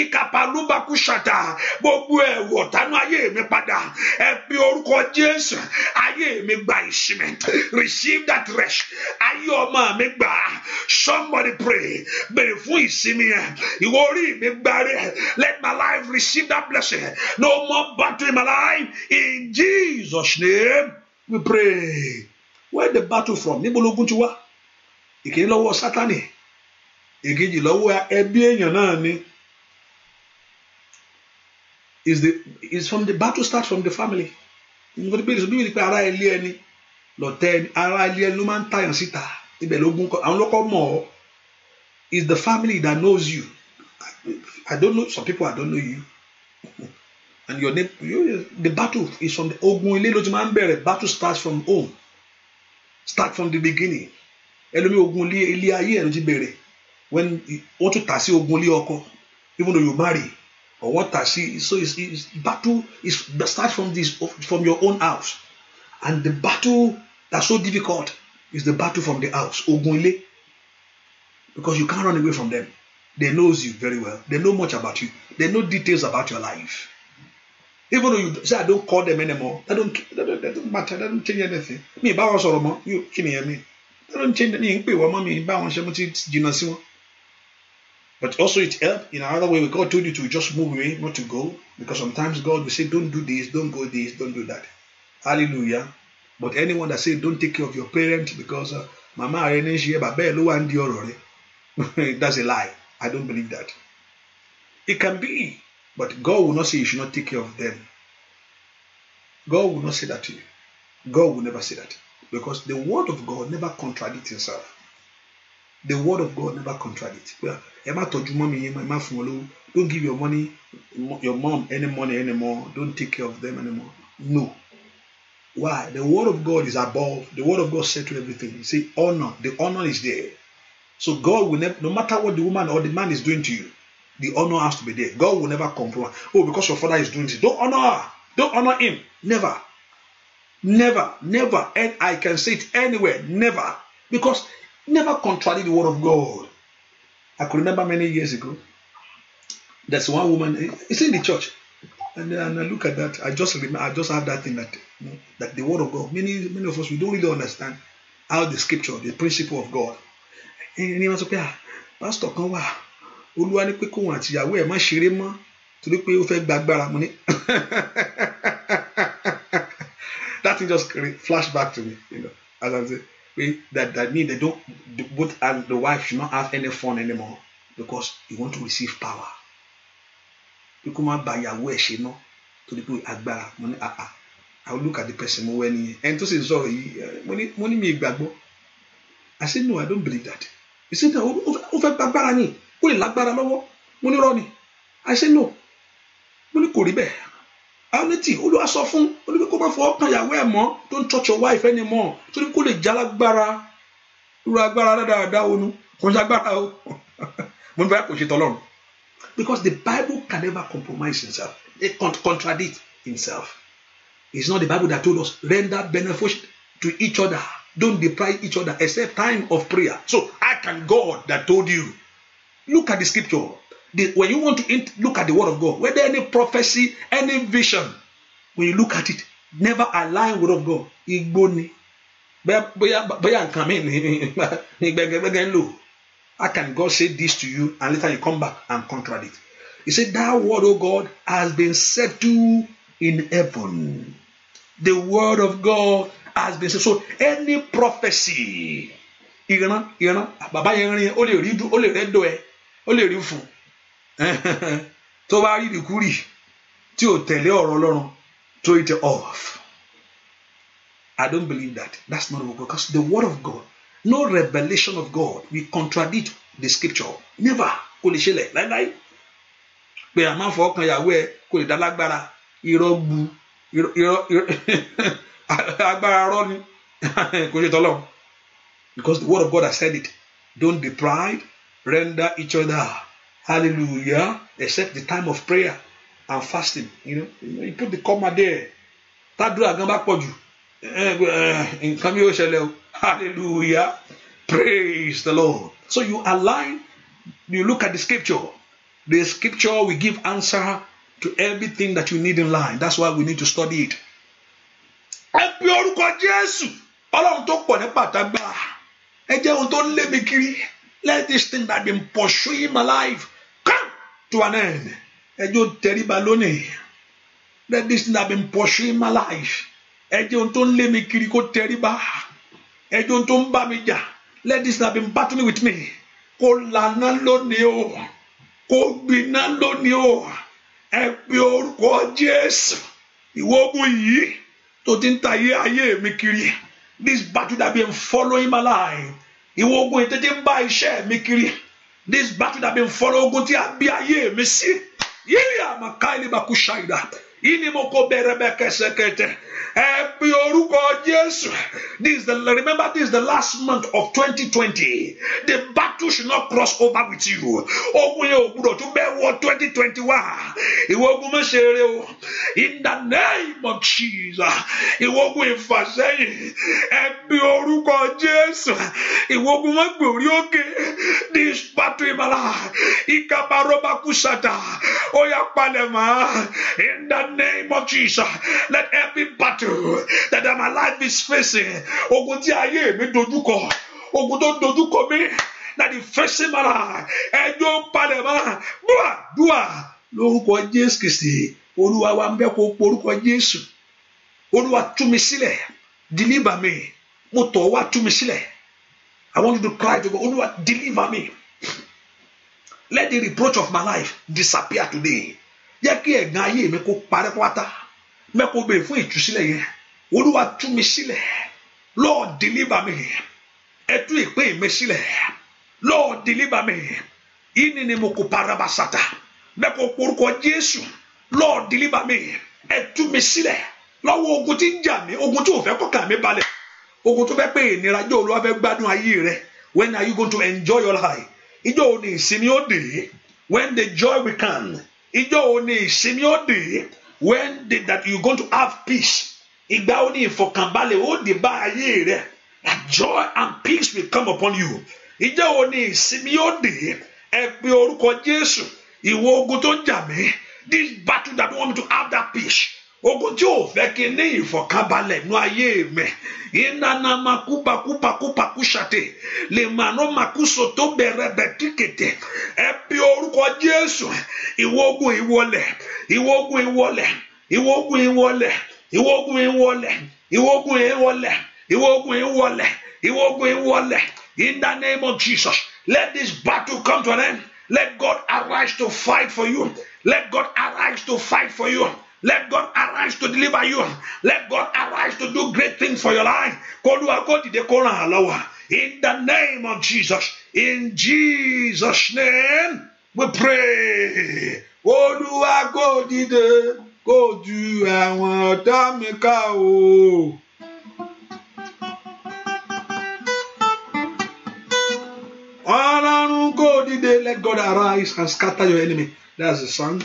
Ikapalubaku Shata, gbogbo ẹ̀wù ọ̀tánú ayé mi padà, ẹ pe orúkọ Jésù, ayé mi gba ìsinmi, receive that rest, ayé ọmọ me gbà, somebody pray, bèrè fún ìsinmi yẹn, ìwọ orí mi gbà rẹ̀, let my life receive that blessing sickness, no more battle in my life. In Jesus' name, we pray. Where the battle from? Níbo lógun ti wá? Ìkíní lọ́wọ́ Sátánì. Ìkejì lọ́wọ́ ẹbí èèyàn náà ni. Is the is from the battle start from the family? Níbo ni bíbélì bíbélì pé ará ilé ẹni lọ̀tẹ̀ ẹni ará ilé ẹni ló máa ń tàyàn síta. Ibẹ̀ lógun kọ Is the family that knows you. I don't know some people I don't know you and your name you, the battle is from the ogun ilé ló ń bẹ̀rẹ̀ battle starts from home start from the beginning ẹlòmí ogun ilé ayé ẹ̀ ló ti bẹ̀rẹ̀ when wọ́n tún tà sí ogun ilé ọkọ even though you marry or wọ́n tà sí so it's, it's battle is start from this from your own house and the battle that's so difficult is the battle from the house ogun ilé because you can't run away from them. They knows you very well. They know much about you. They know details about your life. Even though you say I don't call them anymore, that don't that don't, that don't matter. That don't change anything. Me bá wọn you can hear me. That don't change anything. But also it helped in another way. God told you to just move away, not to go. Because sometimes God will say, don't do this, don't go this, don't do that. Hallelujah. But anyone that says, don't take care of your parents because uh, mama arrange but bẹ́ẹ̀ ló wà ń That's a lie. I don't believe that. It can be, but God will not say you should not take care of them. God will not say that to you. God will never say that because the word of God never contradicts itself. The word of God never contradicts. Ẹ má tọ́jú mọ́mí yẹn, ẹ má fún wọn Don't give your money, your mom any money anymore. Don't take care of them anymore. No. Why? The word of God is above. The word of God said to everything. You see, honor. The honor is there. So God will never, no matter what the woman or the man is doing to you, the honor has to be there. God will never compromise. Oh, because your father is doing this. Don't honor her. Don't honor him. Never. Never. Never. And I can say it anywhere. Never. Because never contradict the word of God. I could remember many years ago. There's one woman. Eh, it's in the church. And, and I look at that. I just remember. I just have that thing that you know, that the word of God. Many many of us we don't really understand how the scripture, the principle of God, ẹni wọn sọ pé ah, pásítọ̀ kan wà olúwa ní pé kóun àtìyàwó ẹ̀ má ṣeré mọ́ torí pé ó fẹ́ gbàgbára mo ní that thing just flash back to me you know, as I say, pé that that mean they don't the, both and the wife should not have any fun anymore because you want to receive power pé kó má ba ìyàwó ẹ̀ ṣe ná torí pé agbára mo ní Ah, ah i will look at the person mo wẹ́ nìyẹn ẹni tó sì sọ̀rọ̀ yìí eh, mo ní mi ìgbàgbọ́ i say no i don't believe that ìsìntà ó fẹ́ gbàgbára ni ó lè lágbára lọ́wọ́ mo ní rọ́ọ̀nì I say no mo ní kò rí bẹ́ẹ̀ àyọ̀nẹ́tì olúwa sọ fún ó ní kó má fọ ọkàn ìyàwó ẹ̀ mọ́ don't touch your wife anymore torí kó lè jálágbára irú agbára dáadáa onú kò ń ṣe agbára o mo ní báyà kò ṣe tọ́lọ́run because the Bible can never compromise himself it can contradict himself it's not the Bible that told us render benefit to each other Don't deprive each other except time of prayer. So I can God that told you. Look at the scripture. The, when you want to look at the word of God, whether any prophecy, any vision, when you look at it, never align with of God. Igboni. Bóyá nǹkan mi ni gbẹgẹgbẹgẹ ń lò. How can God say this to you and later you come back and contradict? He said, That word, O God, has been settled in heaven. The word of God has been so any prophecy ìran ìran bàbá yẹn rin ó lè rí dùn ó lè rẹ́dọ̀ ẹ ó lè rí fún tó bá rí ìdíkúrì tí ò tẹ̀lé ọ̀rọ̀ ọlọ́run throw it off. I don't believe that. That's not of God. Because the word of God, no revelation of God will contradict the scripture. Never. Kò lè ṣẹlẹ̀ láíláí. Pé àmọ́ fọkàn ìyàwó ẹ kò lè dá lágbára. Irọ́ bu. Irọ́ irọ́. I rọ ni kò because the word of God has said it don't be pride render each other hallelujah except the time of prayer and fasting you know you put the comma there tádùá gan eh, eh, eh, hallelujah praise the Lord so you align you look at the scripture the scripture will give answer to everything that you need in life that's why we need to study it ẹ pe orúkọ jésù ọlọ́run tó pọ̀ ní pàtàgbà ẹ jẹ́ ohun tó ń lé mi kiri let this thing that been pursuing my life come to an end ẹ jẹ́ ohun tẹríba lónìí let this thing that been pursuing my life ẹ jẹ́ ohun tó ń lé mi kiri kó tẹríba ẹ jẹ́ ohun tó ń bá mi jà let this thing that been battling with me kó lànà lónìí o kó gbiná lónìí o ẹ pe orúkọ jésù ìwọ́gun yìí tó ti ń ta ayé ayé mi kiri this battle that been following my life ìwọ ogun yìí tètè ń bá iṣẹ́ mi kiri this battle that been following ogun tí a bí ayé mi sí yíyá màkà ìlébàkú ṣáìdá. Inimoko berebekesekete. Ẹ̀pì orúkọ This is the remember this is the last month of 2020. The battle should not cross over with you. Ogun yẹn ò gbúdọ̀ tún bẹ́ẹ̀ 2021. Ìwọ ogun má In the name of Jesus. Ìwọ ogun ìfàsẹ́yìn. Ẹ̀pì orúkọ Jésù. Ìwọ ogun má gbòrí òkè. This battle ìmàlà. Ìkàbàrọ̀ bá kú sàtà. Ó yá In the the name of Jesus. Let every battle that my life is facing, ogun tí ayé mi dojúkọ, ogun tó dojúkọ mi, that is facing my life, ẹjọ́ palẹ̀ mọ́, dùà dùà lórúkọ Jésù Kristi, Olúwa wa ń bẹ̀ kó porúkọ Jésù, Olúwa tú mi sílẹ̀, deliver me, mo tọ̀ wá tú mi sílẹ̀. I want you to cry to God, Olúwa deliver me. Let the reproach of my life disappear today. jẹ́ kí ẹ̀gàn ayé mi kó parẹ́ pátá fún ìtúsílẹ̀ yẹn olúwa tú mi sílẹ̀ Lord deliver me mi sílẹ̀ Lord deliver me ni mo kò paraba sata mẹ́kò Jésù Lord deliver me ẹ mi sílẹ̀ lọ́wọ́ ogun ń jà mí ogun tí ò fẹ́ balẹ̀ ogun tó fẹ́ ìjọ wo ni ìsinmi ó dé when did that you going to have peace ìgbà wo ni ìfọ̀kànbalẹ̀ ó dé bá ayé rẹ that joy and peace will come upon you ìjọ wo ni ìsinmi ó dé ẹ pe orúkọ Jésù ìwọ ogun tó ń jà mí this battle that you want me to have that peace ogun tí ò fẹ́ kí n ní ìfọ̀kànbalẹ̀ nú ayé mi ìnana makubakubakubaku ṣàtẹ lèmọ̀nà makuso tó bẹ̀rẹ̀ bẹ̀tíkètè ẹ bí orúkọ Jésù ìwọ ogun ìwọlẹ̀ ìwọ ogun ìwọlẹ̀ ìwọ ogun ìwọlẹ̀ ìwọ ìwọlẹ̀ ìwọ ìwọlẹ̀ ìwọ ìwọlẹ̀ ìwọ ìwọlẹ̀ in the name of Jesus let this battle come to an end let God arise to fight for you let God arise to fight for you. Let God arise to deliver you. Let God arise to do great things for your life. K'Olúwa kó dìde kó In the name of Jesus. In Jesus' name we pray. Olúwa kó dìde kó ju mi ká o. Ọlọ́run kó let God arise and scatter your enemy. That's the song.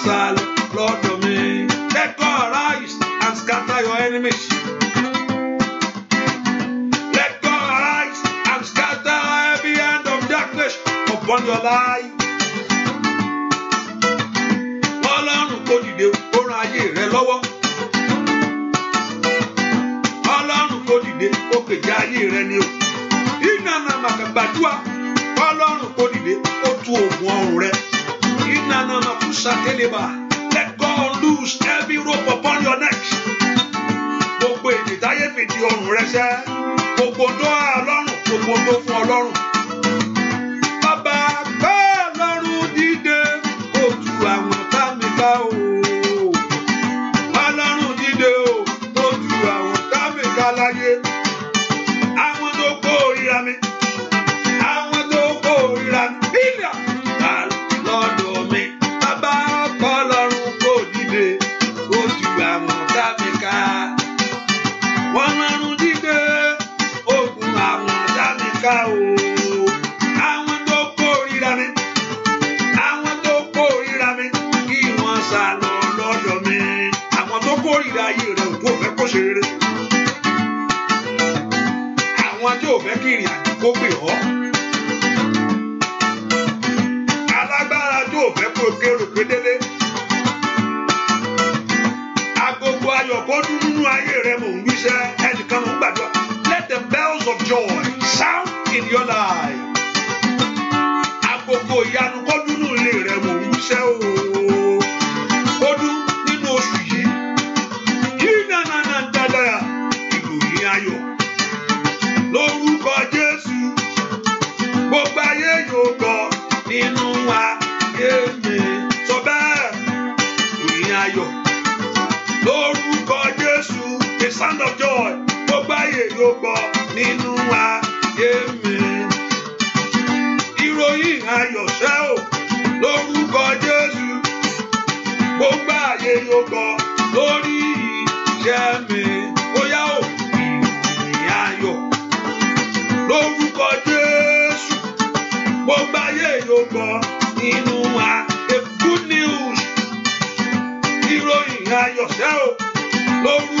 máa Lord lọ lọ́dọ̀ Let God arise and scatter your enemies. Let God arise and scatter every hand of darkness upon your life. Ọlọ́run kò dìde kó ran ayé rẹ lọ́wọ́. Ọlọ́run kò dìde kó kèjà ayé rẹ ni o. Ìnana màkàgbàdúrà. Ọlọ́run kò dìde kó tu oògùn ọrùn rẹ. Let God loose every rope upon your neck. Gbogbo èdè táyé fìdí ọrùn rẹ ṣẹ́. Gbogbo tó àlọ́run, gbogbo tó fún ọlọ́run. fẹ́ kí ìrìn kó gbè ọ́. alágbára tó o fẹ́ kó kérò pé agogo ayọ̀ kó dún nínú ayé rẹ mò ń wíṣẹ́ ẹnìkan mò ń gbàdúrà. let the bells of joy sound in your life. agogo ìyá inú wa a good news ìròyìn ayọ̀ṣẹ́ o lórúkọ.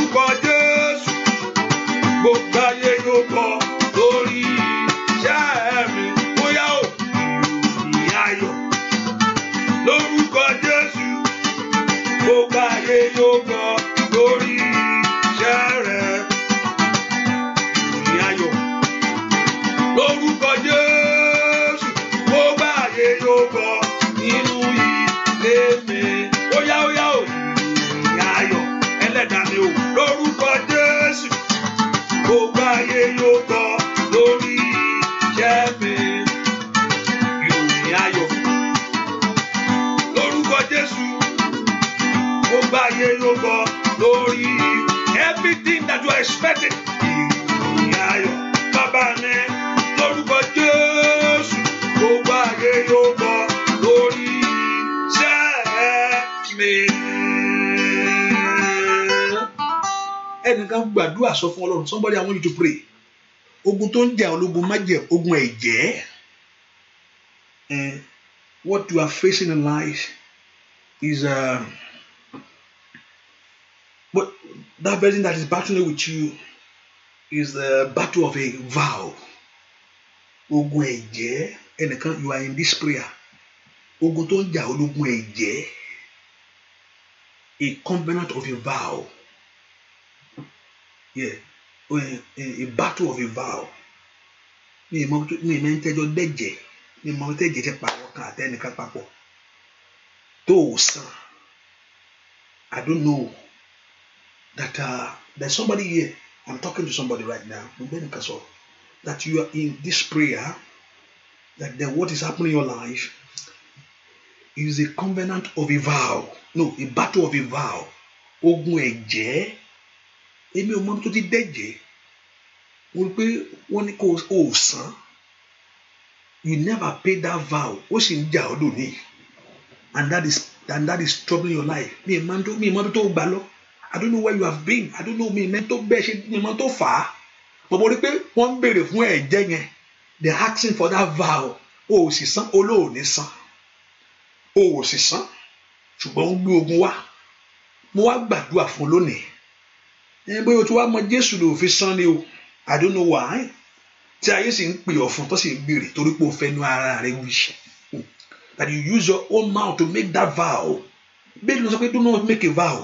gbàdúrà sọ fún ọlọ́run somebody I want you to pray ogun tó ń jà ológun má jẹ ogun ẹ̀jẹ̀ and eh, what you are facing in life is uh, but that person that is battling with you is the battle of a vow ogun ẹ̀jẹ̀ ẹnìkan you are in this prayer ogun tó ń jà ológun ẹ̀jẹ̀ a covenant of a vow. Oh, yeah a battle of a vow mi ì mọ mi ì mọ tẹjọ dẹ̀jẹ̀ mi ì mọ tẹjẹ ti pààrọ̀ kan àtẹnìkan papọ̀ tó o san I don't know that uh, there's somebody here I'm talking to somebody right now mo bẹ́ẹ̀ nìkan that you are in this prayer that then what is happening in your life is a covenant of a vow no a battle of a vow ogun ẹ̀jẹ̀. E èmi ò mọ tó ti dẹ̀jẹ̀ wọ́n pé wọ́n ní kó o san you never pay that vow ó sì ń jà ọ́ lónìí and that is and that is troubling your life mi ìmọ̀ tó mi ìmọ̀ tó gbà lọ I don't know where you have been I don't know mi ìmọ̀ to bẹ́ẹ̀ ṣe mi ìmọ̀ to fà á bọ̀bọ̀ rí pé wọ́n ń béèrè fún ẹ̀jẹ̀ yẹn they asking for that vow o ò sì san olóòní san o ò sì san ṣùgbọ́n ó gbé ogun wá mo wá gbàdúrà fún lónìí ẹni o ti wá mọ Jésù ló fi san ni o I don't know why tí ayé sì ń pè ọ́ fún tó sì ń béèrè torí pé o fẹ́ nu ara rẹ wí that you use your own mouth to make that vow bẹ́ẹ̀ ló sọ pé do not make a vow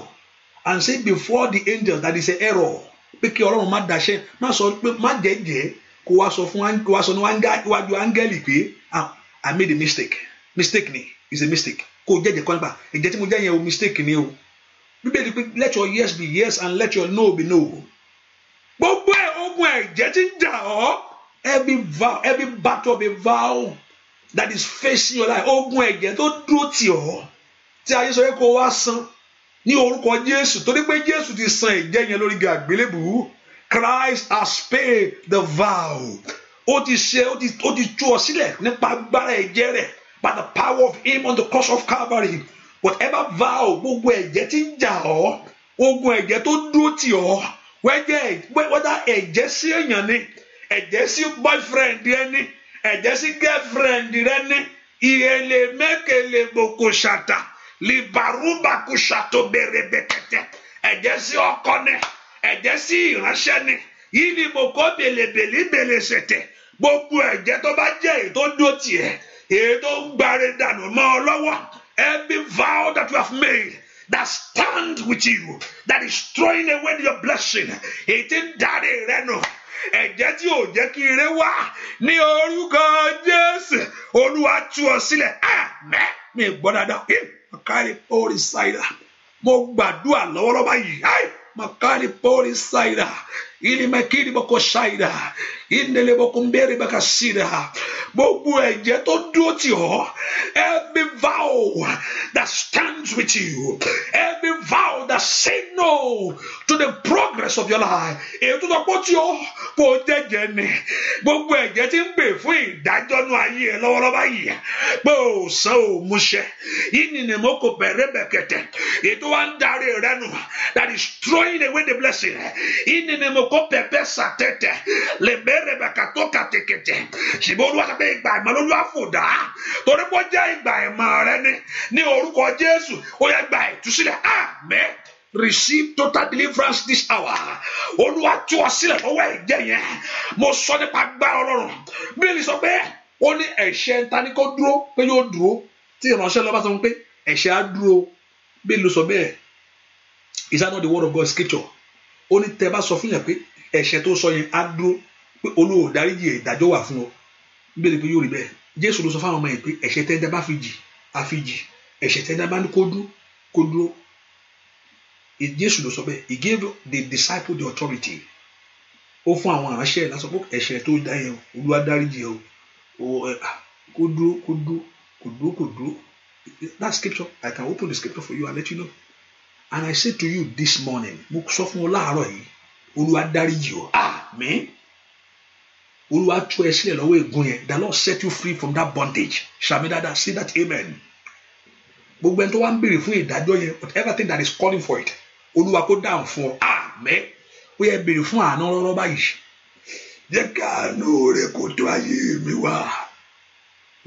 and say before the angels that is a error pé kí Ọlọ́run má daṣẹ́ má sọ pé má jẹ́jẹ́ kó wá sọ fún wá sọ ní wájú áńgẹ́lì pé ah, I made a mistake mistake ni is a mistake kó jẹ́jẹ́ kọ́ nípa ìjẹ́ tí mo jẹ́ yẹn o mistake ni o bíbélì pé let your yes be yes and let your no be no gbogbo ẹ ogun ẹ̀jẹ̀ ti ń jà ọ́ every vow every battle of a vow that is facing your life ogun ẹ̀jẹ̀ tó dúró tì ọ́ tí ayé sọ pé kó wá san ní orúkọ Jésù torí pé Jésù ti san ẹ̀jẹ̀ yẹn lórí àgbélébùú Christ has paid the vow ó ti ṣe ó ti ó ti tú ọ sílẹ̀ nípa agbára ẹ̀jẹ̀ rẹ̀ by the power of him on the cross of Calvary whatever vow gbogbo ẹ̀jẹ̀ tí ń jà ọ́ ogun ẹ̀jẹ̀ tó dúró tì ọ́ whether ẹ̀jẹ̀ sí èèyàn ni ẹ̀jẹ̀ sí boyfriend rẹ ni ẹ̀jẹ̀ sí girlfriend rẹ ni ìhèlè mẹ́kẹ̀lẹ̀ gbòkò ṣàtà libarubakù ṣàtò bèrè bẹ̀kẹ̀tẹ̀ ẹ̀jẹ̀ sí ọkọ ni ẹ̀jẹ̀ sí ìránṣẹ́ ni yìí ni mo kọ́ bèlèbèlè bèlè ṣètẹ̀ gbogbo ẹ̀jẹ̀ tó bá jẹ́ èyí tó dúró tì ẹ́ èyí tó ń gbáre dànù mọ́ ọ lọ́wọ́ Every vow that you have made that stand with you, that is throwing away your blessing. It is daddy Reno. ẹ̀jẹ̀ tí ò jẹ́ kí ire wá ní orúkọ Jésù Olúwa tú ọ sílẹ̀ àmẹ́ mi gbọ́ dáadáa kárí orí ṣáìlà mo gbàdúrà lọ́wọ́lọ́wọ́ báyìí. makali poli saida ili makili boko saida indele boko mbere baka sida ẹ̀jẹ̀ tó dúró tì ọ́ every vow that stands with you every that say no to the progress of your life èyí tó sọ pé tí ó kò jẹjẹ ni gbogbo ẹ̀jẹ̀ tí ń gbè fún ìdájọ́ nu ayé ẹ lọ́wọ́lọ́wọ́ yìí pé ò san ò múṣẹ yìí ni mo kò bẹ̀rẹ̀ bẹ̀kẹ̀tẹ̀ èyí tó ń darí rẹ nù that is throwing away the blessing yìí ni mo kò bẹ̀bẹ̀ sàtẹ̀tẹ̀ lè bẹ̀rẹ̀ bẹ̀kà tó kàtẹ̀kẹ̀tẹ̀ ṣùgbọ́n olúwa sọ pé ìgbà ìmọ̀ ló lọ́wọ́ fòdà torí pé ó jẹ́ ìgbà ìmọ̀ rẹ ni ní orúkọ Jésù ó yẹ gba ìtúsílẹ̀ àmín receive total deliverance this hour olúwa tú ọ sílẹ̀ lọ́wọ́ ẹ̀jẹ̀ yẹn mo sọ nípa agbára ọlọ́run bíbélì sọ pé ó ní ẹ̀ṣẹ̀ ń ta ni kó dúró pé yóò dúró tí ìránṣẹ́ lọ́ba sọ pé ẹ̀ṣẹ̀ á dúró bíbélì sọ bẹ́ẹ̀ is that not the word of God scripture ó ní tẹ́ bá sọ fún yẹn pé ẹ̀ṣẹ̀ tó sọ yẹn á dúró pé olúwo dáríjì ẹ̀ ìdájọ́ wà fún ọ bíbélì pé yóò rí bẹ́ẹ̀ jésù ló sọ fáwọn ọmọ yẹn pé ẹ̀ṣẹ̀ tẹ́ ẹ bá fi jì á Jésù ló sọ bẹ́ẹ̀ he gave the disciple the authority ó fún àwọn aránṣẹ́ ẹ̀ lásán pé ẹ̀ṣẹ̀ tó dá yẹn Olúwa dáríjì ẹ̀ o kó dúró kó dúró kò dúró kò dúró that scripture I can open the scripture for you and let you know and I say to you this morning mo sọ fún ọ láàárọ̀ yìí Olúwa dáríjì ọ àmín Olúwa tú ẹ sílẹ̀ lọ́wọ́ ègún yẹn the Lord set you free from that bondage sàmì dáadáa say that amen gbogbo ẹni tó wá ń béèrè fún ìdájọ́ yẹn but everything that is calling for it olúwa kó dáhùn fún ọ ó fún àánú lọ́wọ́ báyìí jẹ́ kí rẹ kò tó ayé mi wá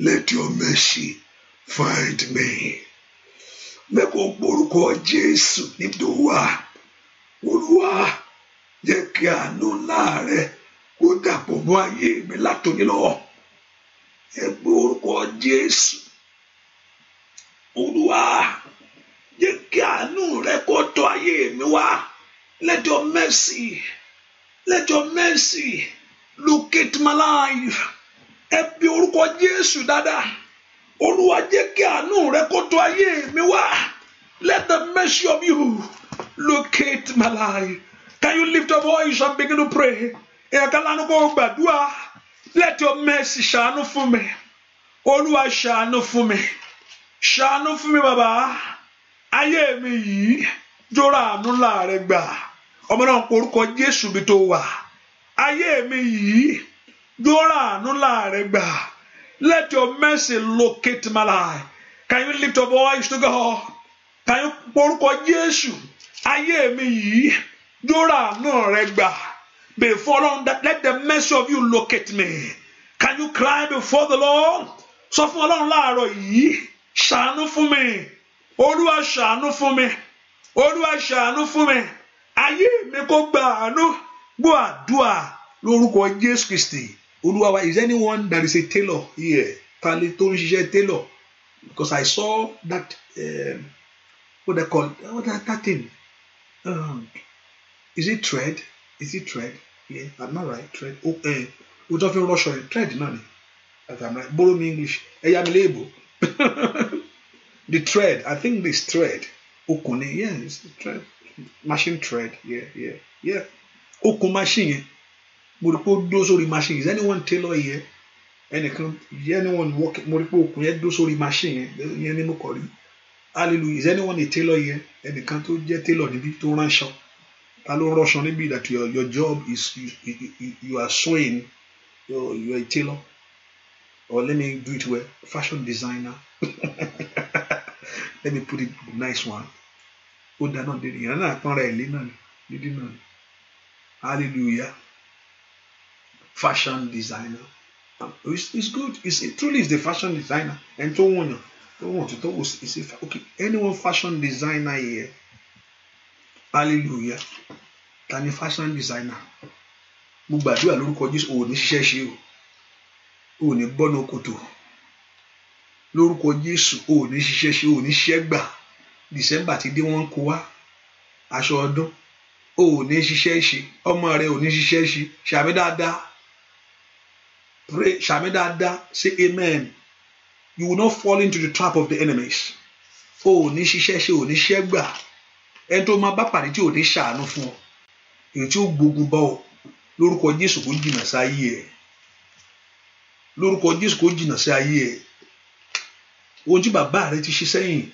let your mercy find me mẹ́kọ̀ọ́ gborúkọ jésù nítòwá olúwa jẹ́ kí àánú rẹ kó dàpọ̀ mọ́ ayé mi lọ́wọ́ jésù olúwa. jẹ́ kí àánú rẹ kó tọ́ ayé mi wá let your mercy let your mercy locate my life ẹ bi orúkọ Jésù dáadáa Olúwa jẹ́ kí àánú rẹ kó tọ́ ayé mi wá let the mercy of you locate my life can you lift your voice and begin to pray ẹ̀ka lánàá kó gbàdúrà let your mercy ṣàánú fún mi Olúwa ṣàánú fún mi ṣàánú fún mi bàbá ayé mi yìí jóra àánú láàrẹ gbà ọmọ náà porúkọ Jésù bí tó wà ayé mi yìí jóra àánú láàrẹ gbà let your mercy locate my life can you lift your voice to God can you porúkọ Jésù ayé mi yìí jóra àánú rẹ gbà before long that let the mercy of you locate me can you cry before the Lord sọ fún Ọlọ́run láàárọ̀ yìí ṣàánú fún mi olúwa ṣàánú fún mi olúwa ṣàánú fún mi ayé mi kó gba àánú gbọ́ àdúrà lórúkọ jésù kristi olúwa wa is anyone that is a tailor here tani tó ń ṣiṣẹ́ tailor because i saw that um, what they call what oh, that, that thing um, is it thread is it thread yeah i'm not right thread oh eh o tó fi ń rọṣọ thread náà ni as i'm right borrow me english ẹ̀yà mi léèbò The thread, I think this thread, okùn yeah, it's yes, thread, machine thread, yeah, yeah, yeah. Okùn machine yẹn, mo rí pé machines. anyone tailor here? Ẹnìkan, is anyone working? Mo rí pé okùn yẹn machine yẹn, yẹn ni Hallelujah, is anyone a tailor here? Ẹnìkan tó jẹ́ tailor the big níbí tó ránṣọ. Ta ló ránṣọ níbí that your, your job is you, you, you are sewing, you, you a tailor? Or let me do it well, fashion designer. let me put it the nice one ó da náà dídì ìyá náà pọ́nra ẹ̀lẹ́ náà dídì náà hallelujah fashion designer it's, good it's a, truly is the fashion designer ẹni tó wọ̀n náà tó wọ̀n tó tó wò sí sí okay anyone fashion designer here hallelujah ta ni fashion designer mo gbàdúrà lórúkọ Jésù òun ní ṣiṣẹ́ ṣe o òun ní bọ́nu kòtò lórúkọ jésù ò ní ṣiṣẹ́ ṣe ò ní ṣiṣẹ́ gbà december ti dé wọ́n ń kó wá aṣọ ọdún ò ní ṣiṣẹ́ ṣe ọmọ rẹ ò ní ṣiṣẹ́ ṣe ṣàmì dáadáa pray ṣàmì dáadáa say amen you will not fall into the trap of the enemies ò ní ṣiṣẹ́ ṣe ò ní ṣiṣẹ́ gbà ẹni tó máa bá pàdé tí ò ní ṣàánú fún ọ èyí tí ó gbógun bá ọ lórúkọ jésù kò jìnnà sí ayé ẹ lórúkọ jésù kò jìnnà sí ayé ẹ ohun tí bàbá rẹ ti ṣe sẹ́yìn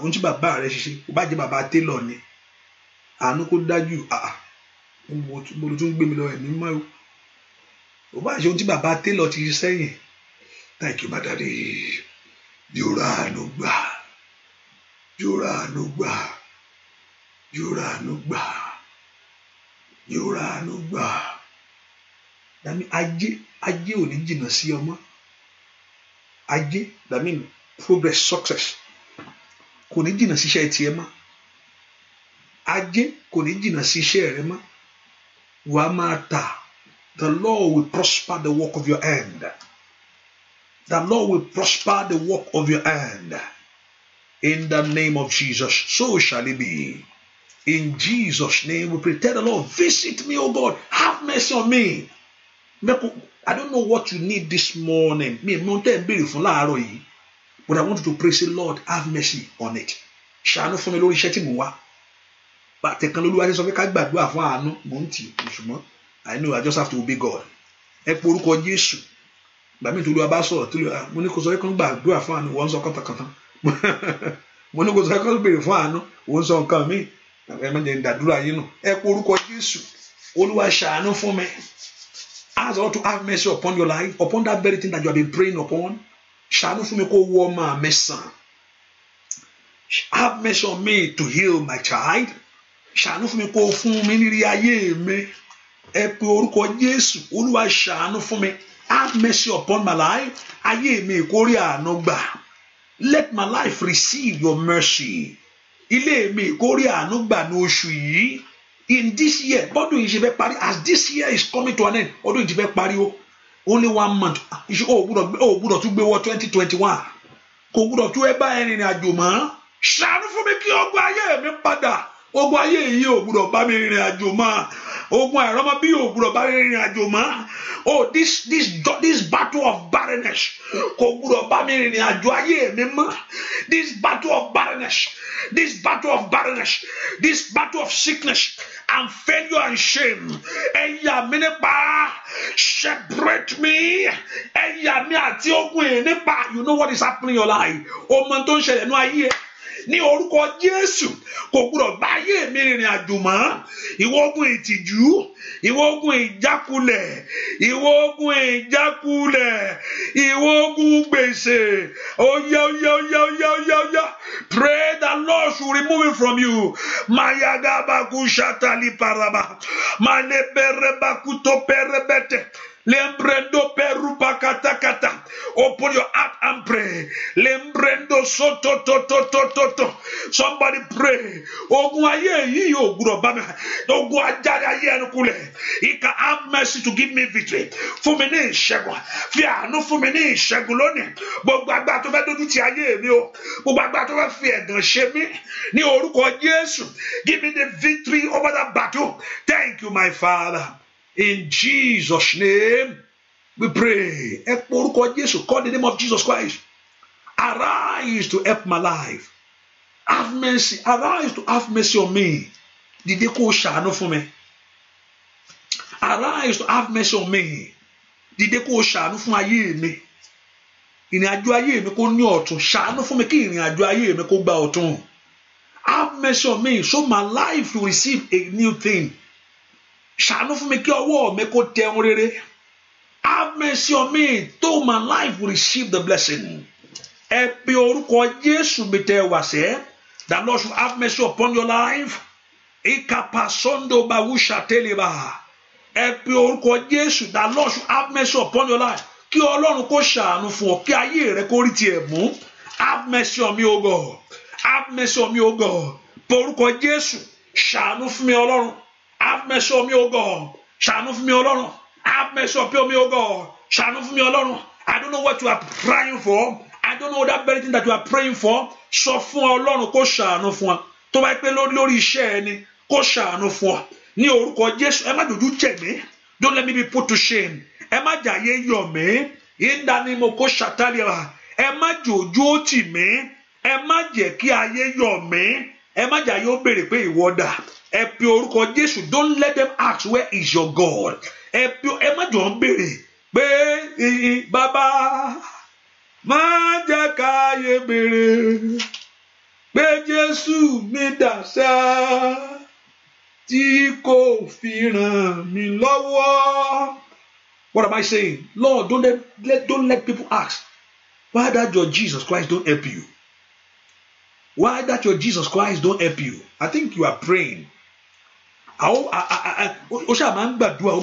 ohun tí bàbá rẹ ṣe ṣe kò bá jẹ́ bàbá télọ̀ ni àánú kó dájú mo ló tún gbé mi lọ ẹ̀mí mọ́ o bá ṣe ohun tí bàbá télọ̀ ti ṣe sẹ́yìn thank you my daddy yóò ra àánú gbà yóò ra àánú gbà yóò ra àánú gbà yóò ra àánú gbà dàmí ajé ajé ò ní jìnnà sí ọmọ ajé that mean progress success kò ní jìnnà síṣẹ́ tiẹ̀ mọ́ ajé kò ní jìnnà síṣẹ́ rẹ mọ́ wàá máa tà the Lord will prosper the work of your hand the Lord will prosper the work of your hand in the name of Jesus so shall it be. In Jesus' name, we pray. Tell the Lord, visit me, O God. Have mercy on me. I don't know what you need this morning. Me, mo tẹ́ ń béèrè fún But I want you to pray say Lord have mercy on it. Ṣàánú fún mi lórí iṣẹ́ tí mò ń wá. Bàtẹ̀ kan lolúwa ṣe sọ pé ká gbàdúrà fún àánú mò ń tì ṣùgbọ́n I know I just have to obey God. Ẹ pe orúkọ Jésù. Gbàmí tó lóra bá sọ̀rọ̀ tó lóra mo ní kó sọ pé kán gbàdúrà fún àánú wọ́n ń sọ kọ́tàkọ́tà. Mo ní kó sọ pé kán béèrè fún àánú wọ́n ń sọ nǹkan míì. Ẹ má jẹ́ ìdàdúrà yín nù. Ẹ pe orúkọ Jésù. Olúwa ṣàánú fún mi ask God to have mercy upon your life upon that very thing that you have been praying upon ṣàánú fún mi kó wọ ọmọ mi have mercy on me to heal my child ṣàánú fún mi kó fún mi nírí ayé mi ẹ pe orúkọ Jésù Olúwa ṣàánú fún have mercy upon my life ayé mi kó àánú gbà let my life receive your mercy ilé mi kó àánú gbà ní oṣù yìí in this year bọ́dún yìí ṣe fẹ́ parí as this year is coming to an end ọdún yìí ti fẹ́ parí o only one month iṣu o gbúdọ̀ o gbúdọ̀ tún gbé wọ twenty twenty one kò gbúdọ̀ tún ẹ bá ẹ rìnrìn àjò mọ́ ṣàánú fún mi kí ọgbọ́n ayé mi padà ogun ayé yìí ò gbúdọ̀ bá mi rìnrìn àjò mọ́ ogun àìrọ́mọ bí ò gbúdọ̀ bá mi rìnrìn àjò mọ́ oh this this this battle of barrenness kò gbúdọ̀ bá mi rìnrìn àjò ayé mi mọ́ this battle of barrenness this battle of barrenness this battle of sickness and failure and shame. Ẹ̀yà mi nípa separate me. Ẹ̀yà mi àti ogun yìí nípa you know what is happening in your life. Ọmọ tó ń ṣẹlẹ̀ ní ayé ẹ̀ ní orúkọ Jésù kò gbúdọ̀ bá mi rìnrìn àjò mọ́ ìwọ ogun ìtìjú ìwọ ogun ìjákulẹ̀ ìwọ ogun ìjákulẹ̀ ìwọ ogun gbèsè oyá oyá oyá oyá oyá oyá pray that Lord should remove it from you mayagabaku paraba malebere bakuto perebete. Lembrendo Peru, kata kata. Open your heart and pray. Lembrendo soto to to to to to. Somebody pray. Oguaye, ayé yìí yóò gbúdọ̀ bá mi. Ogun ajáde Ika have mercy to give me victory. Fumene mi ní no fumene shegulone. fún mi ní ìṣẹ́gun lónìí. Gbogbo agbára tó fẹ́ dójú ti ayé mi o. Gbogbo Give me the victory over that battle. Thank you my father. In Jesus' name, we pray. Ẹ pé orúkọ Jésù, call the name of Jesus Christ. Arise to help my life. Have mercy. Arise to have mercy on me. Dìde kó o ṣàánú fún mi. Arise to have mercy on me. Dìde shano o ṣàánú fún ayé mi. Ìrìn àjò ayé mi kó ní ọ̀tun. Ṣàánú fún mi kí ìrìn àjò ayé mi kó gba ọ̀tun. Have mercy on me so my life will receive a new thing ṣàánú fún mi kí ọwọ́ mi kó tẹun rere have mercy on me though my life will receive the blessing ẹ pe orúkọ Jésù mi tẹ wá sẹ́ the Lord should have mercy upon your life ìkàpà sọ́ńdọ̀ bá wúṣà tẹ́lẹ̀ bá ẹ pe orúkọ Jésù the Lord should have mercy upon your life kí Ọlọ́run kó ṣàánú fún ọ kí ayé rẹ kó rí tiẹ̀ mú have mercy on me o God have mercy on me o God pe orúkọ Jésù ṣàánú fún mi Ọlọ́run have mercy on me o God ṣàánú fún mi Ọlọ́run have mercy on me o God ṣàánú fún mi Ọlọ́run I don't know what you are praying for I don't know that very thing that you are praying for sọ fún Ọlọ́run kó ṣàánú fún wa tó bá pẹ́ lórí iṣẹ́ ẹni kó ṣàánú fún wa ní orúkọ Jésù ẹ má dojú jẹ mí don't let me be put to shame ẹ má jàyé yọ mí ìdánimọ̀ kó ṣàtàlẹ́ wa ẹ má jòjú ó tì mí ẹ má jẹ́ kí ayé yọ̀ ẹ má jà yóò béèrè pé ìwọ dà ẹ pe orúkọ Jésù don't let them ask where is your God ẹ pe ẹ má jọ ń béèrè pé ìyìn bàbá má jẹ́ ká yé béèrè pé Jésù mi dàṣà tí kò fi ràn mí lọ́wọ́. What am I saying? Lord, don't let, let, don't let people ask. why Father, your Jesus Christ don't help you. Why that your Jesus Christ don't help you? I think you are praying. Àwọn ó ṣáà máa ń gbàdúrà ó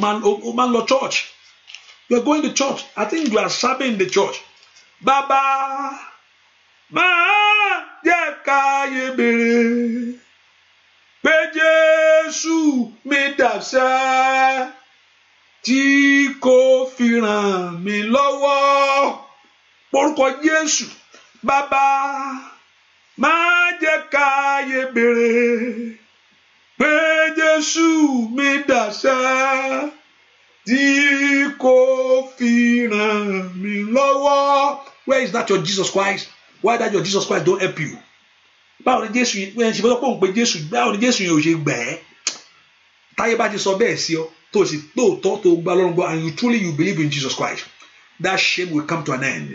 máa ń lọ church. You are going to church. I think you are serving the church. Baba, ma, jẹ́ ká yé bèrè pé Jésù mi dàṣẹ́ tí kò fi ràn mí lọ́wọ́. Orúkọ Jésù bàbá má jẹ́ káyé béèrè pé Jésù mi dàṣà tí kò fi ràn mí lọ́wọ́. Where is that your Jesus Christ? Why that your Jesus Christ don't help you? Báwo ni Jésù yẹn ṣe fẹ́ pọ̀ ń pe Jésù báwo ni Jésù yẹn ò ṣe gbẹ̀ ẹ́? Táyé bá ti sọ bẹ́ẹ̀ sí ọ tó sì tóòtọ́ tó gbá lọ́rùn gbọ́ and you truly you believe in Jesus Christ. That shame will come to an end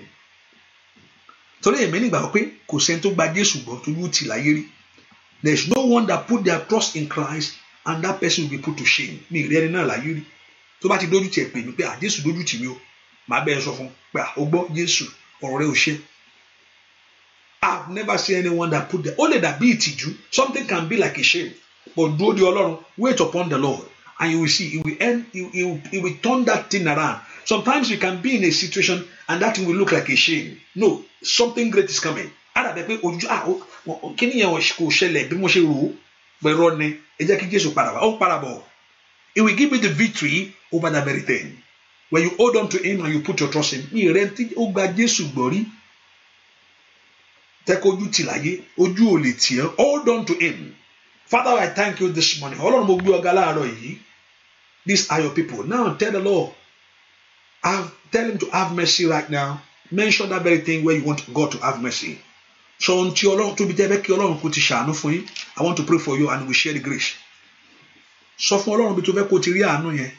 torí èmi nígbà pé kò sẹ́ni tó gba Jésù gbọ́ tó yóò tì láyé rí there is no one that put their trust in Christ and that person will be put to shame mi ìrẹ́ ẹni náà láyé rí tó bá ti dójú tì ẹ̀ pè mí pé à Jésù dójú tì mí o màá bẹ́ẹ̀ sọ fún pé à ó gbọ́ Jésù ọ̀rọ̀ rẹ ò ṣe I've never seen anyone that put their ó lè dàbí ìtìjú something can be like a shame but dúró de Ọlọ́run wait upon the Lord and you will see he will end he will, he will turn that thing around Sometimes we can be in a situation and that thing will look like a shame. No, something great is coming. Ara bẹ pé ojú à ah, kí ni ìyẹn kò ṣẹlẹ̀ bí mo ṣe rò ó pẹ̀rọ ni ẹ jẹ́ kí Jésù padà bọ̀. Ó padà bọ̀. He will give me the victory over that very thing. When you hold on to him and you put your trust in him. Mi rẹ̀ tí ó gba Jésù gbọ́ rí. ojú tì láyé, ojú ò lè tì Hold on to him. Father, I thank you this morning. Ọlọ́run mo gbé ọ̀gá láàárọ̀ yìí. These are your people. Now tell the Lord. Have, tell him to have mercy right now. Mention that very thing where you want God to have mercy. So until Ọlọ́run to be there, your Ọlọ́run kò share. No for yín, I want to pray for you and we share the grace. So for Ọlọ́run bí tó fẹ́ kó ti rí àánú yẹn.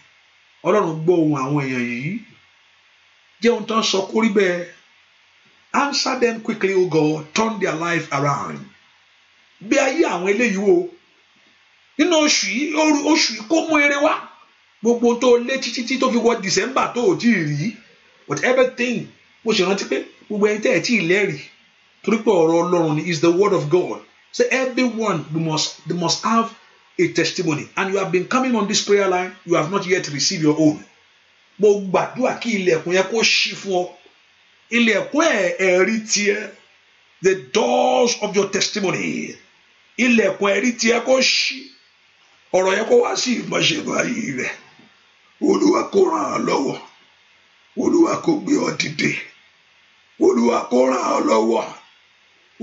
Ọlọ́run gbọ́ ohùn àwọn èèyàn yìí. Jẹ́ ohun tán sọ Answer them quickly, O God, turn their life around. Bí ayé àwọn eléyìí you nínú oṣù yìí, oṣù yìí kó mú eré wá gbogbo tó lé títí tí tó fi wọ December tó ò tí ì rí but everything mo ṣe rántí pé gbogbo ẹni tẹ́ ẹ̀ tí ì lẹ́rìí torí pé ọ̀rọ̀ Ọlọ́run ni is the word of God so everyone we must they must have a testimony and you have been coming on this prayer line you have not yet received your own mo gbàdúrà kí ilẹ̀kùn yẹn kó ṣí fún ọ ilẹ̀kùn ẹ̀rí tiẹ̀ the doors of your testimony ilẹ̀kùn ẹ̀rí tiẹ̀ kó ṣí ọ̀rọ̀ yẹn kó wá sí ìmọ̀ṣẹ̀gbọ̀n ayé rẹ̀ olúwa kó ràn án lọ́wọ́ olúwa kó gbé ọ dìde olúwa kó ràn án lọ́wọ́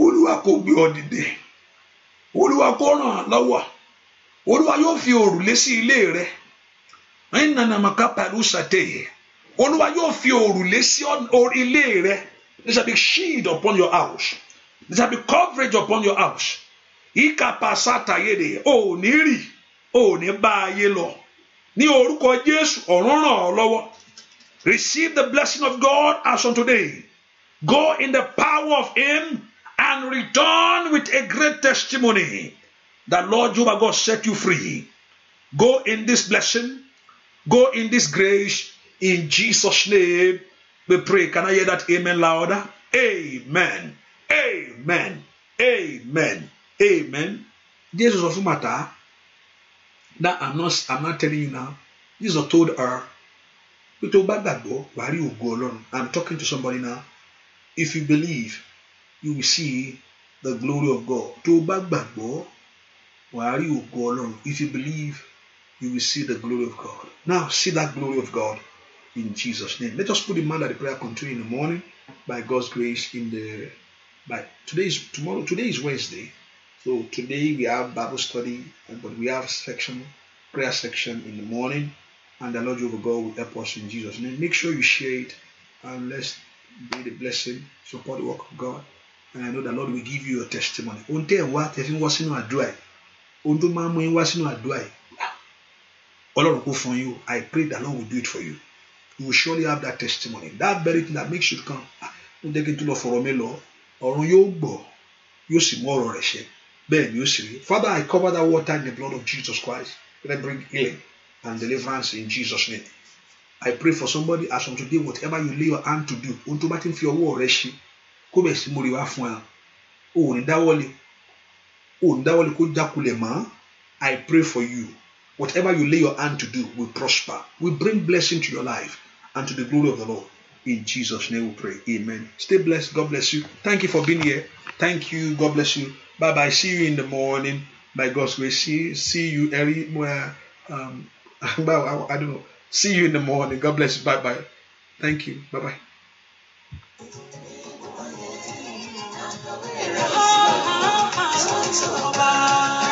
olúwa kó gbé ọ dìde olúwa kó ràn án lọ́wọ́ olúwa yóò fi òrùlé sí ilé rẹ ẹnìnàmọ̀ká pẹ̀lú sàtẹ̀yẹ olúwa yóò fi òrùlé sí ilé rẹ there shall be shield upon your house there shall be coverage upon your house ìkàpà sátàyèdè ò ní rì ò ní bá ayé lọ. ní orúkọ Jésù ọ̀run ràn ọ́ lọ́wọ́ receive the blessing of God as on today go in the power of him and return with a great testimony that Lord Jehovah God set you free go in this blessing go in this grace in Jesus name we pray can I hear that amen louder amen amen amen amen Jesus of matter. Now I'm not I'm not telling you now. Jesus told her, tó bá you wàá rí Ọlọ́run. I'm talking to somebody now. If you believe, you will see the glory of God. Tó bá gbàgbọ́ you rí ògo If you believe, you will see the glory of God. Now see that glory of God in Jesus' name. Let us put the man at the prayer continue in the morning by God's grace in the by today is tomorrow today is Wednesday. So today we have Bible study, uh, but we have section prayer section in the morning, and the Lord Jehovah God will help us in Jesus' name. Make sure you share it, and let's be the blessing, support the work of God, and I know the Lord will give you a testimony. Ohun tẹ́ ẹ̀ wá tẹ̀sí wá sínú àdúrà ẹ̀, ohun tó máa ń mú yín wá sínú àdúrà ẹ̀, Ọlọ́run kò fún I pray that Lord will do it for you. You will surely have that testimony. That very thing that makes you come, ó dẹ́kin tó lo foro mi lo orun yóò gbọ́, yóò sì mú ọ̀rọ̀ rẹ̀ ṣẹ. bẹ́ẹ̀ you, see, Father I cover that water in the blood of Jesus Christ let I bring healing and deliverance in Jesus name I pray for somebody as from today whatever you lay your hand to do unto Matthew bá ti ń fi ọwọ́ rẹ ṣe kó wa mórí o ò ní dáwọ́lé o ò I pray for you whatever you lay your hand to do will prosper will bring blessing to your life and to the glory of the Lord. In Jesus' name we pray. Amen. Stay blessed. God bless you. Thank you for being here. Thank you. God bless you. Bye bye. See you in the morning. By God's grace, see, see you everywhere. Um, I don't know. See you in the morning. God bless you. Bye bye. Thank you. Bye bye. Oh, oh, oh,